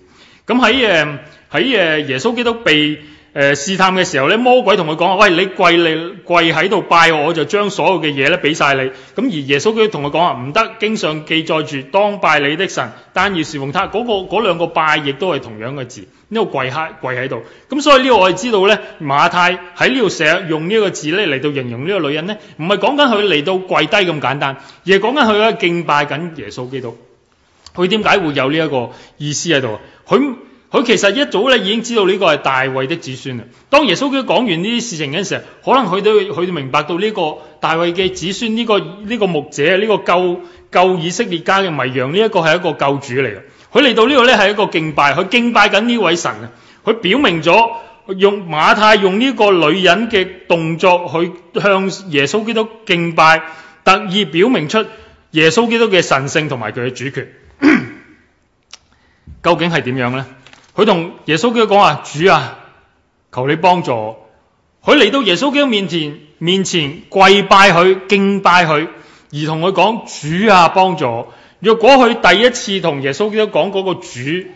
咁喺誒喺誒耶穌基督被，誒，試探嘅時候咧，魔鬼同佢講啊，喂，你跪你跪喺度拜我，我就將所有嘅嘢咧俾晒你。咁而耶穌佢同佢講啊，唔得，經上記載住當拜你的神。但要事奉他嗰，那個嗰兩個拜，亦都係同樣嘅字，呢個跪下跪喺度。咁所以呢個我哋知道咧，馬太喺呢度寫用呢個字咧嚟到形容呢個女人咧，唔係講緊佢嚟到跪低咁簡單，而係講緊佢啊敬拜緊耶穌基督。佢點解會有呢一個意思喺度啊？佢？佢其實一早咧已經知道呢個係大衛的子孫啦。當耶穌基督講完呢啲事情嘅時候，可能佢都佢明白到呢個大衛嘅子孫，呢個呢個牧者，呢個救救以色列家嘅迷羊，呢一個係一個救主嚟嘅。佢嚟到呢度咧係一個敬拜，佢敬拜緊呢位神啊！佢表明咗用馬太用呢個女人嘅動作去向耶穌基督敬拜，特意表明出耶穌基督嘅神性同埋佢嘅主權 *coughs* 究竟係點樣咧？佢同耶穌基督講話：主啊，求你幫助。佢嚟到耶穌基督面前，面前跪拜佢，敬拜佢，而同佢講：主啊，幫助。若果佢第一次同耶穌基督講嗰個主，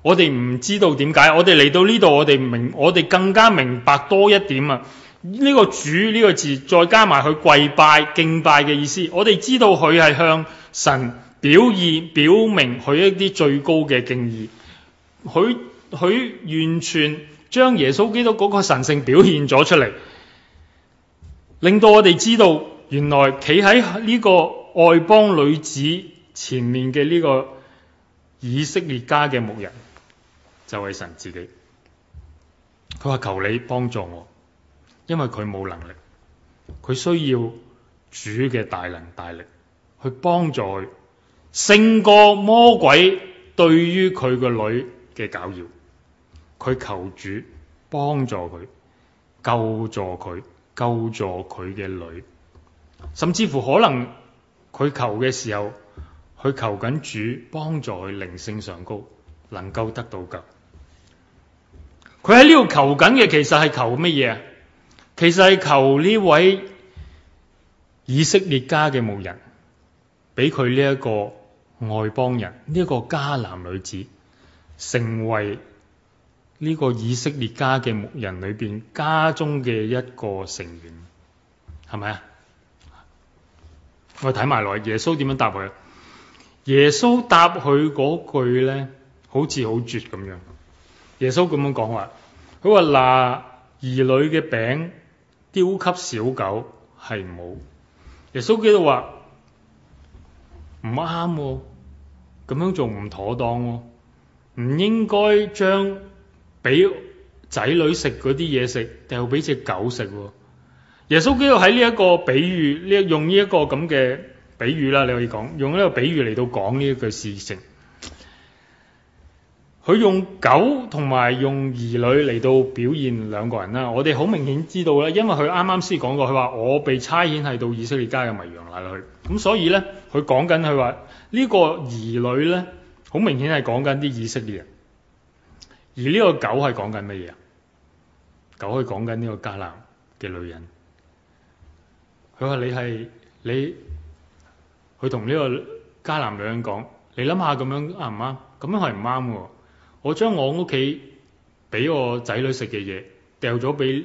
我哋唔知道點解。我哋嚟到呢度，我哋明，我哋更加明白多一點啊！呢個主呢個字，再加埋佢跪拜敬拜嘅意思，我哋知道佢係向神表意，表明佢一啲最高嘅敬意。佢佢完全將耶穌基督嗰個神聖表現咗出嚟，令到我哋知道，原來企喺呢個外邦女子前面嘅呢個以色列家嘅牧人就係、是、神自己。佢話求你幫助我，因為佢冇能力，佢需要主嘅大能大力去幫助佢勝過魔鬼，對於佢個女。嘅教耀，佢求主幫助佢，救助佢，救助佢嘅女，甚至乎可能佢求嘅時候，佢求緊主幫助佢靈性上高，能夠得到救。佢喺呢度求緊嘅，其實係求乜嘢？其實係求呢位以色列家嘅牧人，俾佢呢一個外邦人，呢一個迦南女子。成為呢個以色列家嘅牧人裏邊家中嘅一個成員，係咪啊？我睇埋落去，耶穌點樣答佢？耶穌答佢嗰句咧，好似好絕咁樣。耶穌咁樣講話，佢話嗱兒女嘅餅丟給小狗係冇。耶穌基督話唔啱，咁、啊、樣做唔妥當、啊。唔應該將俾仔女食嗰啲嘢食，掉俾隻狗食。耶穌基督喺呢一個比喻，呢用呢一個咁嘅比喻啦，你可以講用呢個比喻嚟到講呢一個事情。佢用狗同埋用兒女嚟到表現兩個人啦。我哋好明顯知道咧，因為佢啱啱先講過，佢話我被差遣係到以色列家嘅迷羊嚟到去。咁所以呢，佢講緊佢話呢個兒女呢。好明顯係講緊啲以色列人，而呢個狗係講緊乜嘢？狗係講緊呢個迦南嘅女人，佢話你係你，佢同呢個迦南女人講，你諗下咁樣啱唔啱？咁樣，啊，係唔啱嘅。我將我屋企俾我仔女食嘅嘢掉咗俾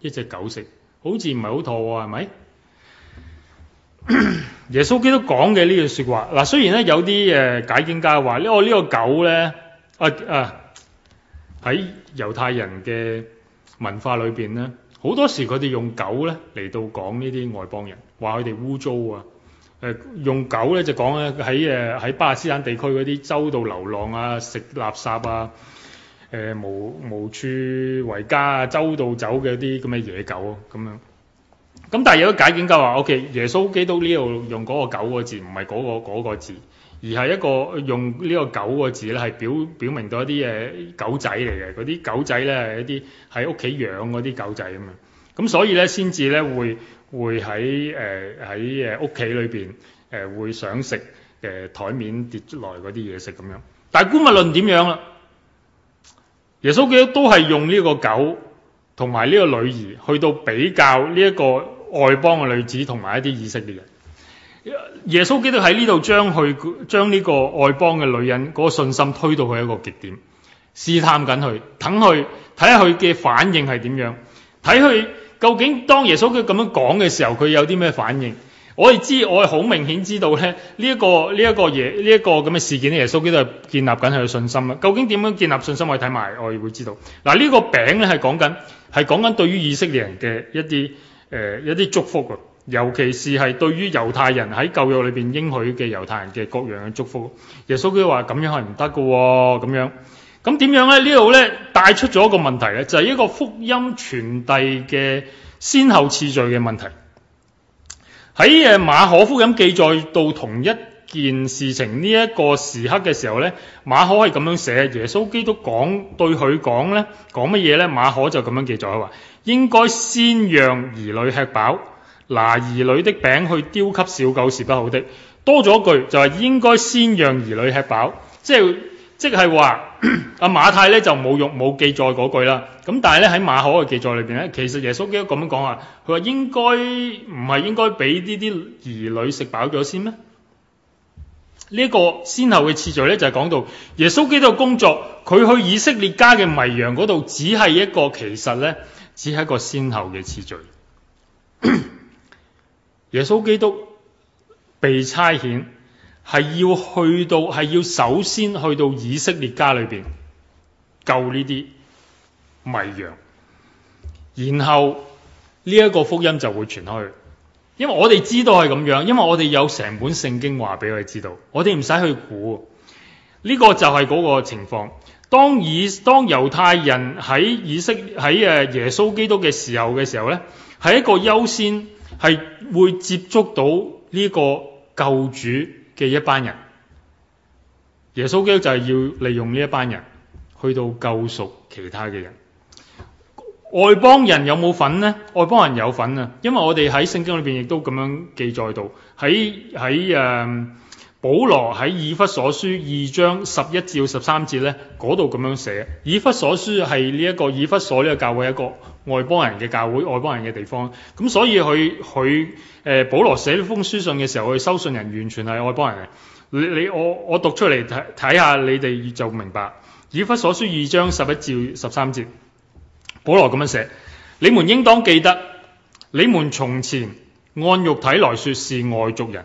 一隻狗食，好似唔係好妥喎，係咪？ *coughs* 耶穌基督講嘅呢句說話，嗱雖然咧有啲誒解經家話，我、哦、呢、這個狗咧，啊啊喺猶太人嘅文化裏邊咧，好多時佢哋用狗咧嚟到講呢啲外邦人，話佢哋污糟啊，誒、呃、用狗咧就講咧喺誒喺巴勒斯坦地區嗰啲周道流浪啊，食垃圾啊，誒、呃、無無處為家啊，周道走嘅啲咁嘅野狗咁、啊、樣。咁但係有個解經家話：O.K.，耶穌基督呢度用嗰個狗個字，唔係嗰個嗰、那個字，而係一個用呢個狗個字咧，係表表明到一啲誒、呃、狗仔嚟嘅，嗰啲狗仔咧係一啲喺屋企養嗰啲狗仔咁樣。咁、嗯、所以咧，先至咧會會喺誒喺誒屋企裏邊誒、呃、會想、呃、食誒台面跌落嚟嗰啲嘢食咁樣。但係無論點樣啊，耶穌基督都係用呢個狗同埋呢個女兒去到比較呢、這、一個。外邦嘅女子同埋一啲以色列人，耶穌基督喺呢度將佢將呢個外邦嘅女人嗰個信心推到去一個極點，試探緊佢，等佢睇下佢嘅反應係點樣，睇佢究竟當耶穌基督咁樣講嘅時候，佢有啲咩反應？我哋知我係好明顯知道咧，呢一個呢一個耶呢一個咁嘅事件，耶穌基督係建立緊佢信心啦。究竟點樣建立信心？我睇埋我哋會知道。嗱呢個餅咧係講緊係講緊對於以色列人嘅一啲，誒、呃、一啲祝福喎，尤其是係對於猶太人喺舊約裏邊應許嘅猶太人嘅各樣嘅祝福，耶穌基督話咁樣係唔得嘅喎，咁樣咁點樣咧？樣樣呢度咧帶出咗一個問題咧，就係、是、一個福音傳遞嘅先後次序嘅問題。喺誒、啊、馬可福音記載到同一件事情呢一、這個時刻嘅時候咧，馬可係咁樣寫，耶穌基督講對佢講咧講乜嘢咧？馬可就咁樣記載話。應該先讓兒女吃飽，嗱，兒女的餅去丟給小狗是不好的。多咗一句就係、是、應該先讓兒女吃飽，即係即係話阿馬太咧就冇用冇記載嗰句啦。咁但係咧喺馬可嘅記載裏邊咧，其實耶穌基督咁樣講啊，佢話應該唔係應該俾呢啲兒女食飽咗先咩？呢、這個先後嘅次序咧就係、是、講到耶穌基督工作，佢去以色列家嘅迷羊嗰度，只係一個其實咧。只係一個先後嘅次序。 *coughs* 耶穌基督被差遣，係要去到，係要首先去到以色列家裏邊救呢啲迷羊，然後呢一、這個福音就會傳開去。因為我哋知道係咁樣，因為我哋有成本聖經話俾佢知道，我哋唔使去估，呢、這個就係嗰個情況。當以當猶太人喺以色喺誒耶穌基督嘅時候嘅時候呢，係一個優先係會接觸到呢個救主嘅一班人。耶穌基督就係要利用呢一班人去到救贖其他嘅人。外邦人有冇份呢？外邦人有份啊！因為我哋喺聖經裏邊亦都咁樣記載到喺喺誒。保羅喺以弗所書二章十一至十三節呢嗰度，咁樣寫。以弗所書係呢一個以弗所呢、這個、個教會，一個外邦人嘅教會，外邦人嘅地方。咁所以佢佢誒保羅寫呢封書信嘅時候，佢收信人完全係外邦人嘅。你你我我讀出嚟睇睇下，你哋就明白。以弗所書二章十一至十三節，保羅咁樣寫：你們應當記得，你們從前按肉體來說是外族人，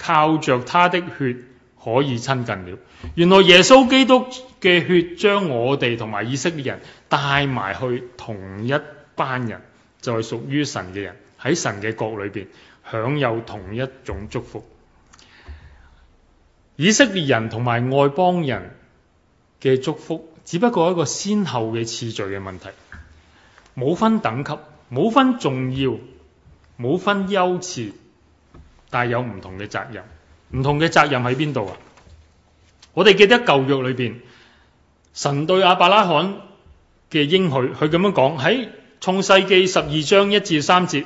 靠着他的血可以親近了。原來耶穌基督嘅血將我哋同埋以色列人帶埋去同一班人，就係屬於神嘅人，喺神嘅國裏邊享有同一種祝福。以色列人同埋外邦人嘅祝福，只不過係一個先後嘅次序嘅問題，冇分等級，冇分重要，冇分優次。但有唔同嘅責任，唔同嘅責任喺邊度啊？我哋記得舊約裏邊，神對阿伯拉罕嘅應許，佢咁樣講喺《創世記》十二章一至三節，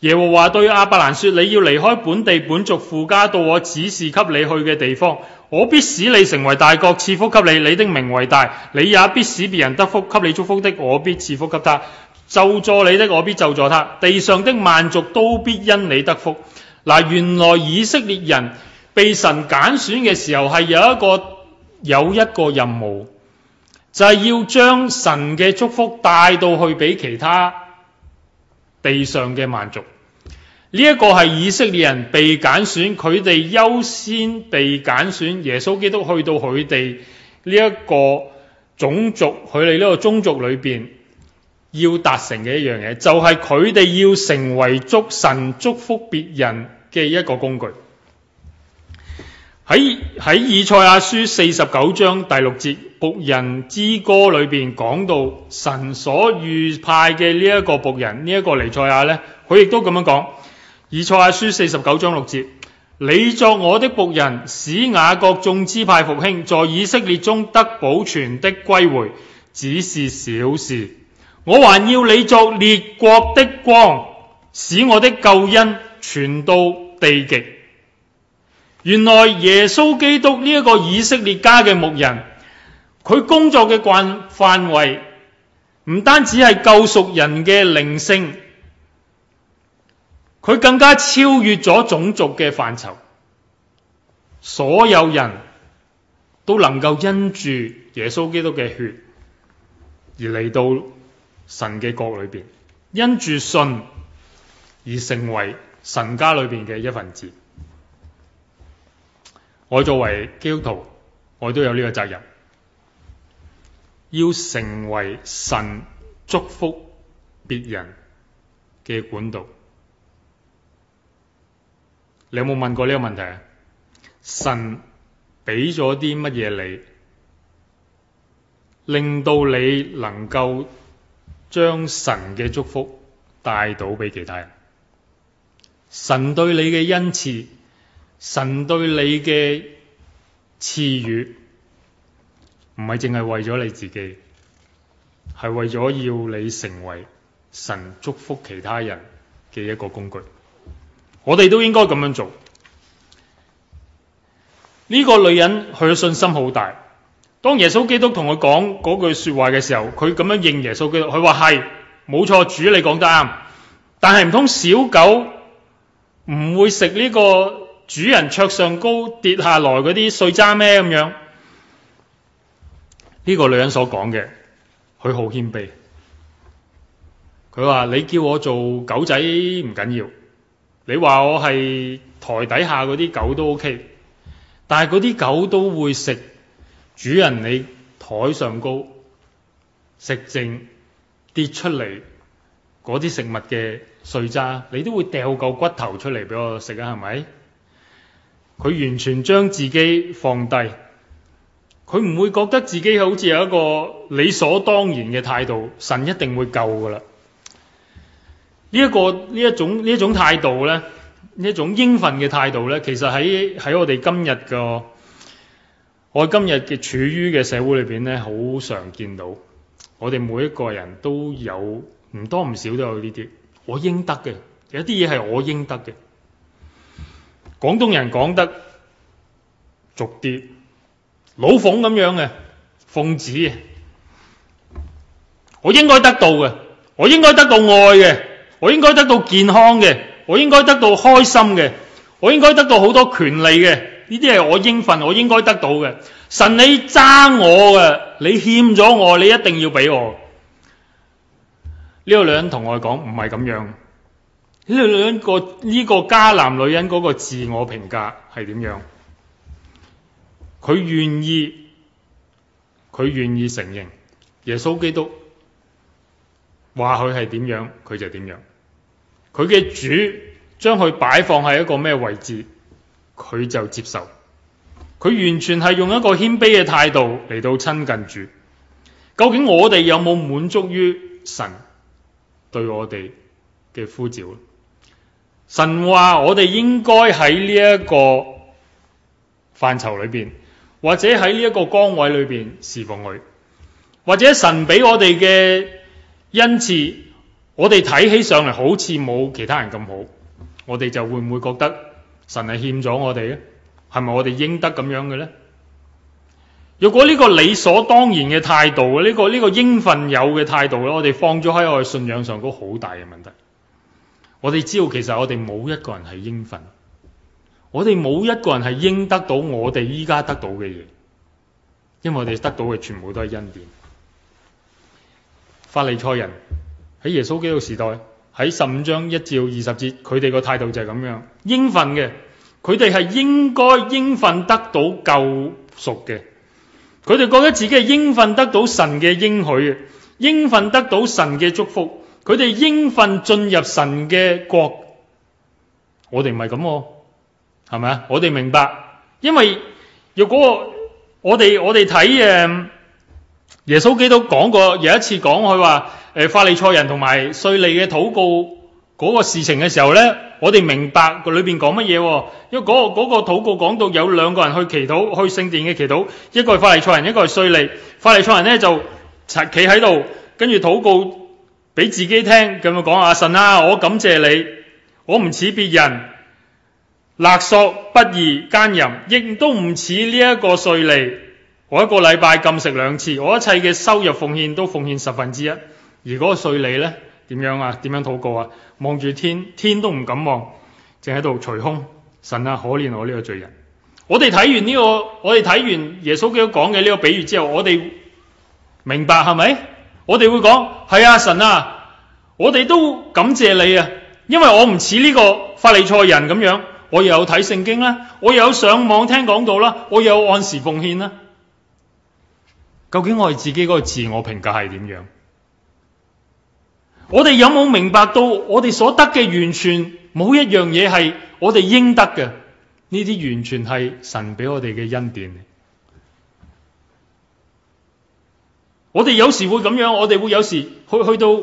耶和華對阿伯蘭說：你要離開本地本族，父家到我指示給你去嘅地方，我必使你成為大國，賜福給你，你的名為大，你也必使別人得福，給你祝福的我必賜福給他，咒詛你的我必咒詛他，地上的萬族都必因你得福。嗱，原來以色列人被神揀選嘅時候，係有一個有一個任務，就係、是、要將神嘅祝福帶到去俾其他地上嘅萬族。呢、這、一個係以色列人被揀選，佢哋優先被揀選。耶穌基督去到佢哋呢一個種族，佢哋呢個宗族裏邊。要達成嘅一樣嘢，就係佢哋要成為祝神祝福別人嘅一個工具。喺喺以賽亞書四十九章第六節僕人之歌裏邊講到，神所預派嘅呢一個僕人呢一個尼賽亞呢，佢亦都咁樣講。以賽亞書四十九章六節：你作我的僕人，使雅各眾支派復興，在以色列中得保存的歸回，只是小事。我還要你作列國的光，使我的救恩傳到地極。原來耶穌基督呢一個以色列家嘅牧人，佢工作嘅慣範圍唔單止係救贖人嘅靈性，佢更加超越咗種族嘅範疇，所有人都能夠因住耶穌基督嘅血而嚟到，神嘅國裏邊，因住信而成為神家裏邊嘅一份子。我作為基督徒，我都有呢個責任，要成為神祝福別人嘅管道。你有冇問過呢個問題啊？神畀咗啲乜嘢你，令到你能夠？將神嘅祝福帶到俾其他人，神對你嘅恩賜，神對你嘅賜予，唔係淨係為咗你自己，係為咗要你成為神祝福其他人嘅一個工具。我哋都應該咁樣做。呢、這個女人佢嘅信心好大。當耶穌基督同佢講嗰句說話嘅時候，佢咁樣應耶穌基督，佢話係冇錯，主你講得啱。但係唔通小狗唔會食呢個主人桌上高跌下來嗰啲碎渣咩咁樣？呢、呢個女人所講嘅，佢好謙卑。佢話你叫我做狗仔唔緊要，你話我係台底下嗰啲狗都 OK，但係嗰啲狗都會食。主人，你台上高食剩跌出嚟嗰啲食物嘅碎渣，你都會掉嚿骨頭出嚟俾我食啊，係咪？佢完全將自己放低，佢唔會覺得自己好似有一個理所當然嘅態度，神一定會救噶啦。呢、這、一個呢一種呢一種態度咧，呢一種應份嘅態度咧，其實喺喺我哋今日個。我今日嘅處於嘅社會裏邊咧，好常見到我哋每一個人都有唔多唔少都有呢啲，我應得嘅，有啲嘢係我應得嘅。廣東人講得俗啲，老奉咁樣嘅奉旨，我應該得到嘅，我應該得到愛嘅，我應該得到健康嘅，我應該得到開心嘅，我應該得到好多權利嘅。呢啲係我應份，我應該得到嘅。神，你揸我嘅，你欠咗我，你一定要俾我。呢個女人同我講唔係咁樣。呢個兩個呢個迦南女人嗰個自我評價係點樣？佢願意，佢願意承認耶穌基督，話佢係點樣，佢就點樣。佢嘅主將佢擺放喺一個咩位置？佢就接受，佢完全係用一個謙卑嘅態度嚟到親近主。究竟我哋有冇滿足於神對我哋嘅呼召？神話我哋應該喺呢一個範疇裏邊，或者喺呢一個崗位裏邊侍奉佢，或者神俾我哋嘅恩賜，我哋睇起上嚟好似冇其他人咁好，我哋就會唔會覺得？神係欠咗我哋嘅，係咪我哋應得咁樣嘅咧？如果呢個理所當然嘅態度，呢個呢個應份有嘅態度咧，我哋放咗喺我哋信仰上都好大嘅問題。我哋知道，其實我哋冇一個人係應份，我哋冇一個人係應得到我哋依家得到嘅嘢，因為我哋得到嘅全部都係恩典。法利賽人喺耶穌基督時代。喺十五章一至二十節，佢哋個態度就係咁樣，應份嘅，佢哋係應該應份得到救贖嘅，佢哋覺得自己係應份得到神嘅應許嘅，應份得到神嘅祝福，佢哋應份進入神嘅國。我哋唔係咁，係咪啊？我哋明白，因為若果我哋我哋睇嘅。Uh, 耶穌基督講過，有一次講佢話，誒、法利賽人同埋稅吏嘅禱告嗰個事情嘅時候咧，我哋明白裏邊講乜嘢，因為嗰個嗰個禱告講到有兩個人去祈禱，去聖殿嘅祈禱，一個係法利賽人，一個係稅吏。法利賽人咧就企喺度，跟住禱告俾自己聽，咁樣講阿神啊，我感謝你，我唔似別人，勒索不義奸淫，亦都唔似呢一個稅吏。我一個禮拜禁食兩次，我一切嘅收入奉獻都奉獻十分之一。如果稅吏呢？點樣啊？點樣禱告啊？望住天，天都唔敢望，淨喺度捶胸。神啊，可憐我呢個罪人！ *noise* 我哋睇完呢、這個，我哋睇完耶穌基督講嘅呢個比喻之後，我哋明白係咪？我哋會講係啊，神啊，我哋都感謝你啊，因為我唔似呢個法利賽人咁樣，我又有睇聖經啦、啊，我又有上網聽講道啦，我又有按時奉獻啦、啊。究竟我哋自己嗰個自我評價係點樣？我哋有冇明白到我哋所得嘅完全冇一樣嘢係我哋應得嘅？呢啲完全係神俾我哋嘅恩典。我哋有時會咁樣，我哋會有時去去到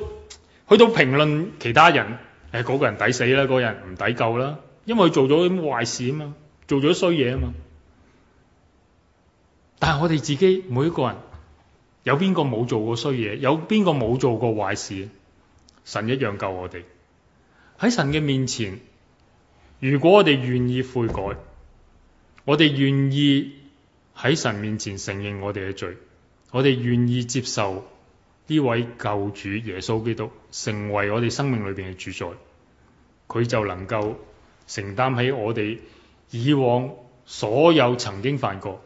去到評論其他人，誒嗰個人抵死啦，嗰個人唔抵救啦，因為做咗啲壞事啊嘛，做咗衰嘢啊嘛。但係我哋自己每一個人。有邊個冇做過衰嘢？有邊個冇做過壞事？神一樣救我哋。喺神嘅面前，如果我哋願意悔改，我哋願意喺神面前承認我哋嘅罪，我哋願意接受呢位救主耶穌基督成為我哋生命裏邊嘅主宰，佢就能夠承擔起我哋以往所有曾經犯過，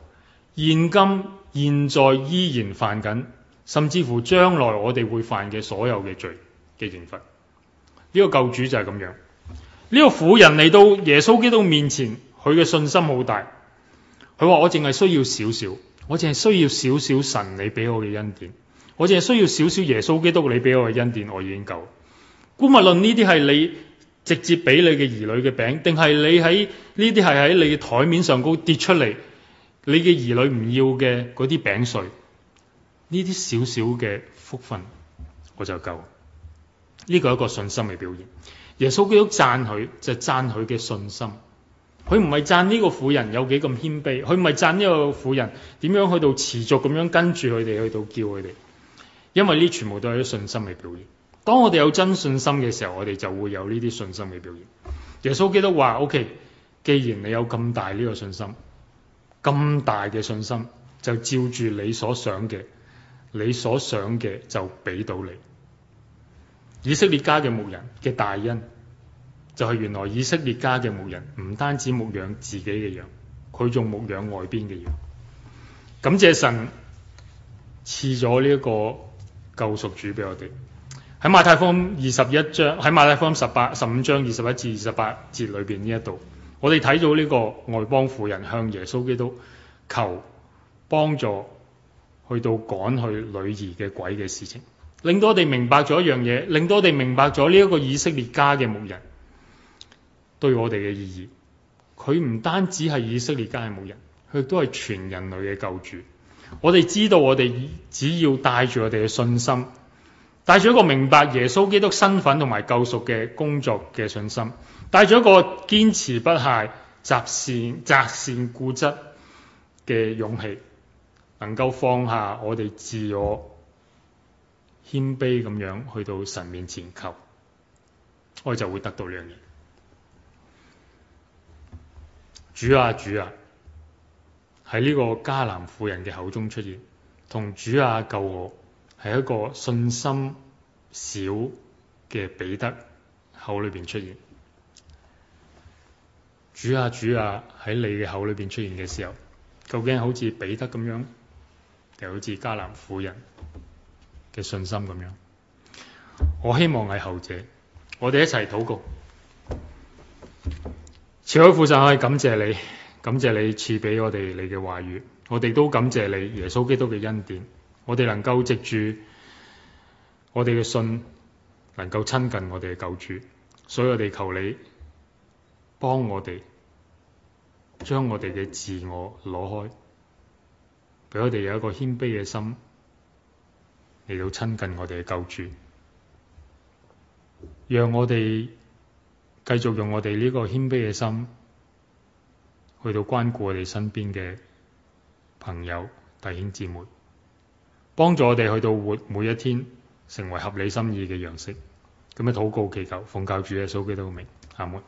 現今。現在依然犯緊，甚至乎將來我哋會犯嘅所有嘅罪嘅刑罰，呢、這個救主就係咁樣。呢、這個婦人嚟到耶穌基督面前，佢嘅信心好大。佢話我淨係需要少少，我淨係需要少少神你俾我嘅恩典，我淨係需要少少耶穌基督你俾我嘅恩典，我已經夠。姑勿論呢啲係你直接俾你嘅兒女嘅餅，定係你喺呢啲係喺你嘅台面上高跌出嚟？你嘅兒女唔要嘅嗰啲餅碎，呢啲少少嘅福分我就夠，呢個係一個信心嘅表現。耶穌基督讚佢，就係讚佢嘅信心。佢唔係讚呢個婦人有幾咁謙卑，佢唔係讚呢個婦人點樣去到持續咁樣跟住佢哋去到叫佢哋，因為呢，全部都係啲信心嘅表現。當我哋有真信心嘅時候，我哋就會有呢啲信心嘅表現。耶穌基督話：OK，既然你有咁大呢個信心，咁大嘅信心，就照住你所想嘅，你所想嘅就俾到你。以色列家嘅牧人嘅大恩，就係、是、原來以色列家嘅牧人唔單止牧養自己嘅羊，佢仲牧養外邊嘅羊。感謝神賜咗呢一個救贖主俾我哋。喺馬太福音二十一章，喺馬太福音十八、十五章二十一至二十八節裏邊呢一度。我哋睇到呢個外邦婦人向耶穌基督求幫助，去到趕去女兒嘅鬼嘅事情，令到我哋明白咗一樣嘢，令到我哋明白咗呢一個以色列家嘅牧人對我哋嘅意義。佢唔單止係以色列家嘅牧人，佢亦都係全人類嘅救主。我哋知道，我哋只要帶住我哋嘅信心，帶住一個明白耶穌基督身份同埋救贖嘅工作嘅信心。帶咗一個堅持不懈、擇善擇善固執嘅勇氣，能夠放下我哋自我謙卑咁樣去到神面前求，我就會得到呢樣嘢。主啊主啊，喺呢個迦南婦人嘅口中出現，同主啊救我，係一個信心小嘅彼得口裏邊出現。主啊主啊，喺你嘅口裏邊出現嘅時候，究竟好似彼得咁樣，定好似迦南婦人嘅信心咁樣？我希望係後者。我哋一齊禱告。慈愛父神，我哋感謝你，感謝你賜俾我哋你嘅話語。我哋都感謝你，耶穌基督嘅恩典。我哋能夠藉住我哋嘅信，能夠親近我哋嘅救主。所以我哋求你，幫我哋將我哋嘅自我攞開，俾我哋有一個謙卑嘅心嚟到親近我哋嘅救主，讓我哋繼續用我哋呢個謙卑嘅心去到關顧我哋身邊嘅朋友弟兄、姊妹，幫助我哋去到活每一天，成為合理心意嘅樣式。咁啊，禱告祈求奉教主耶穌基督嘅名，阿門。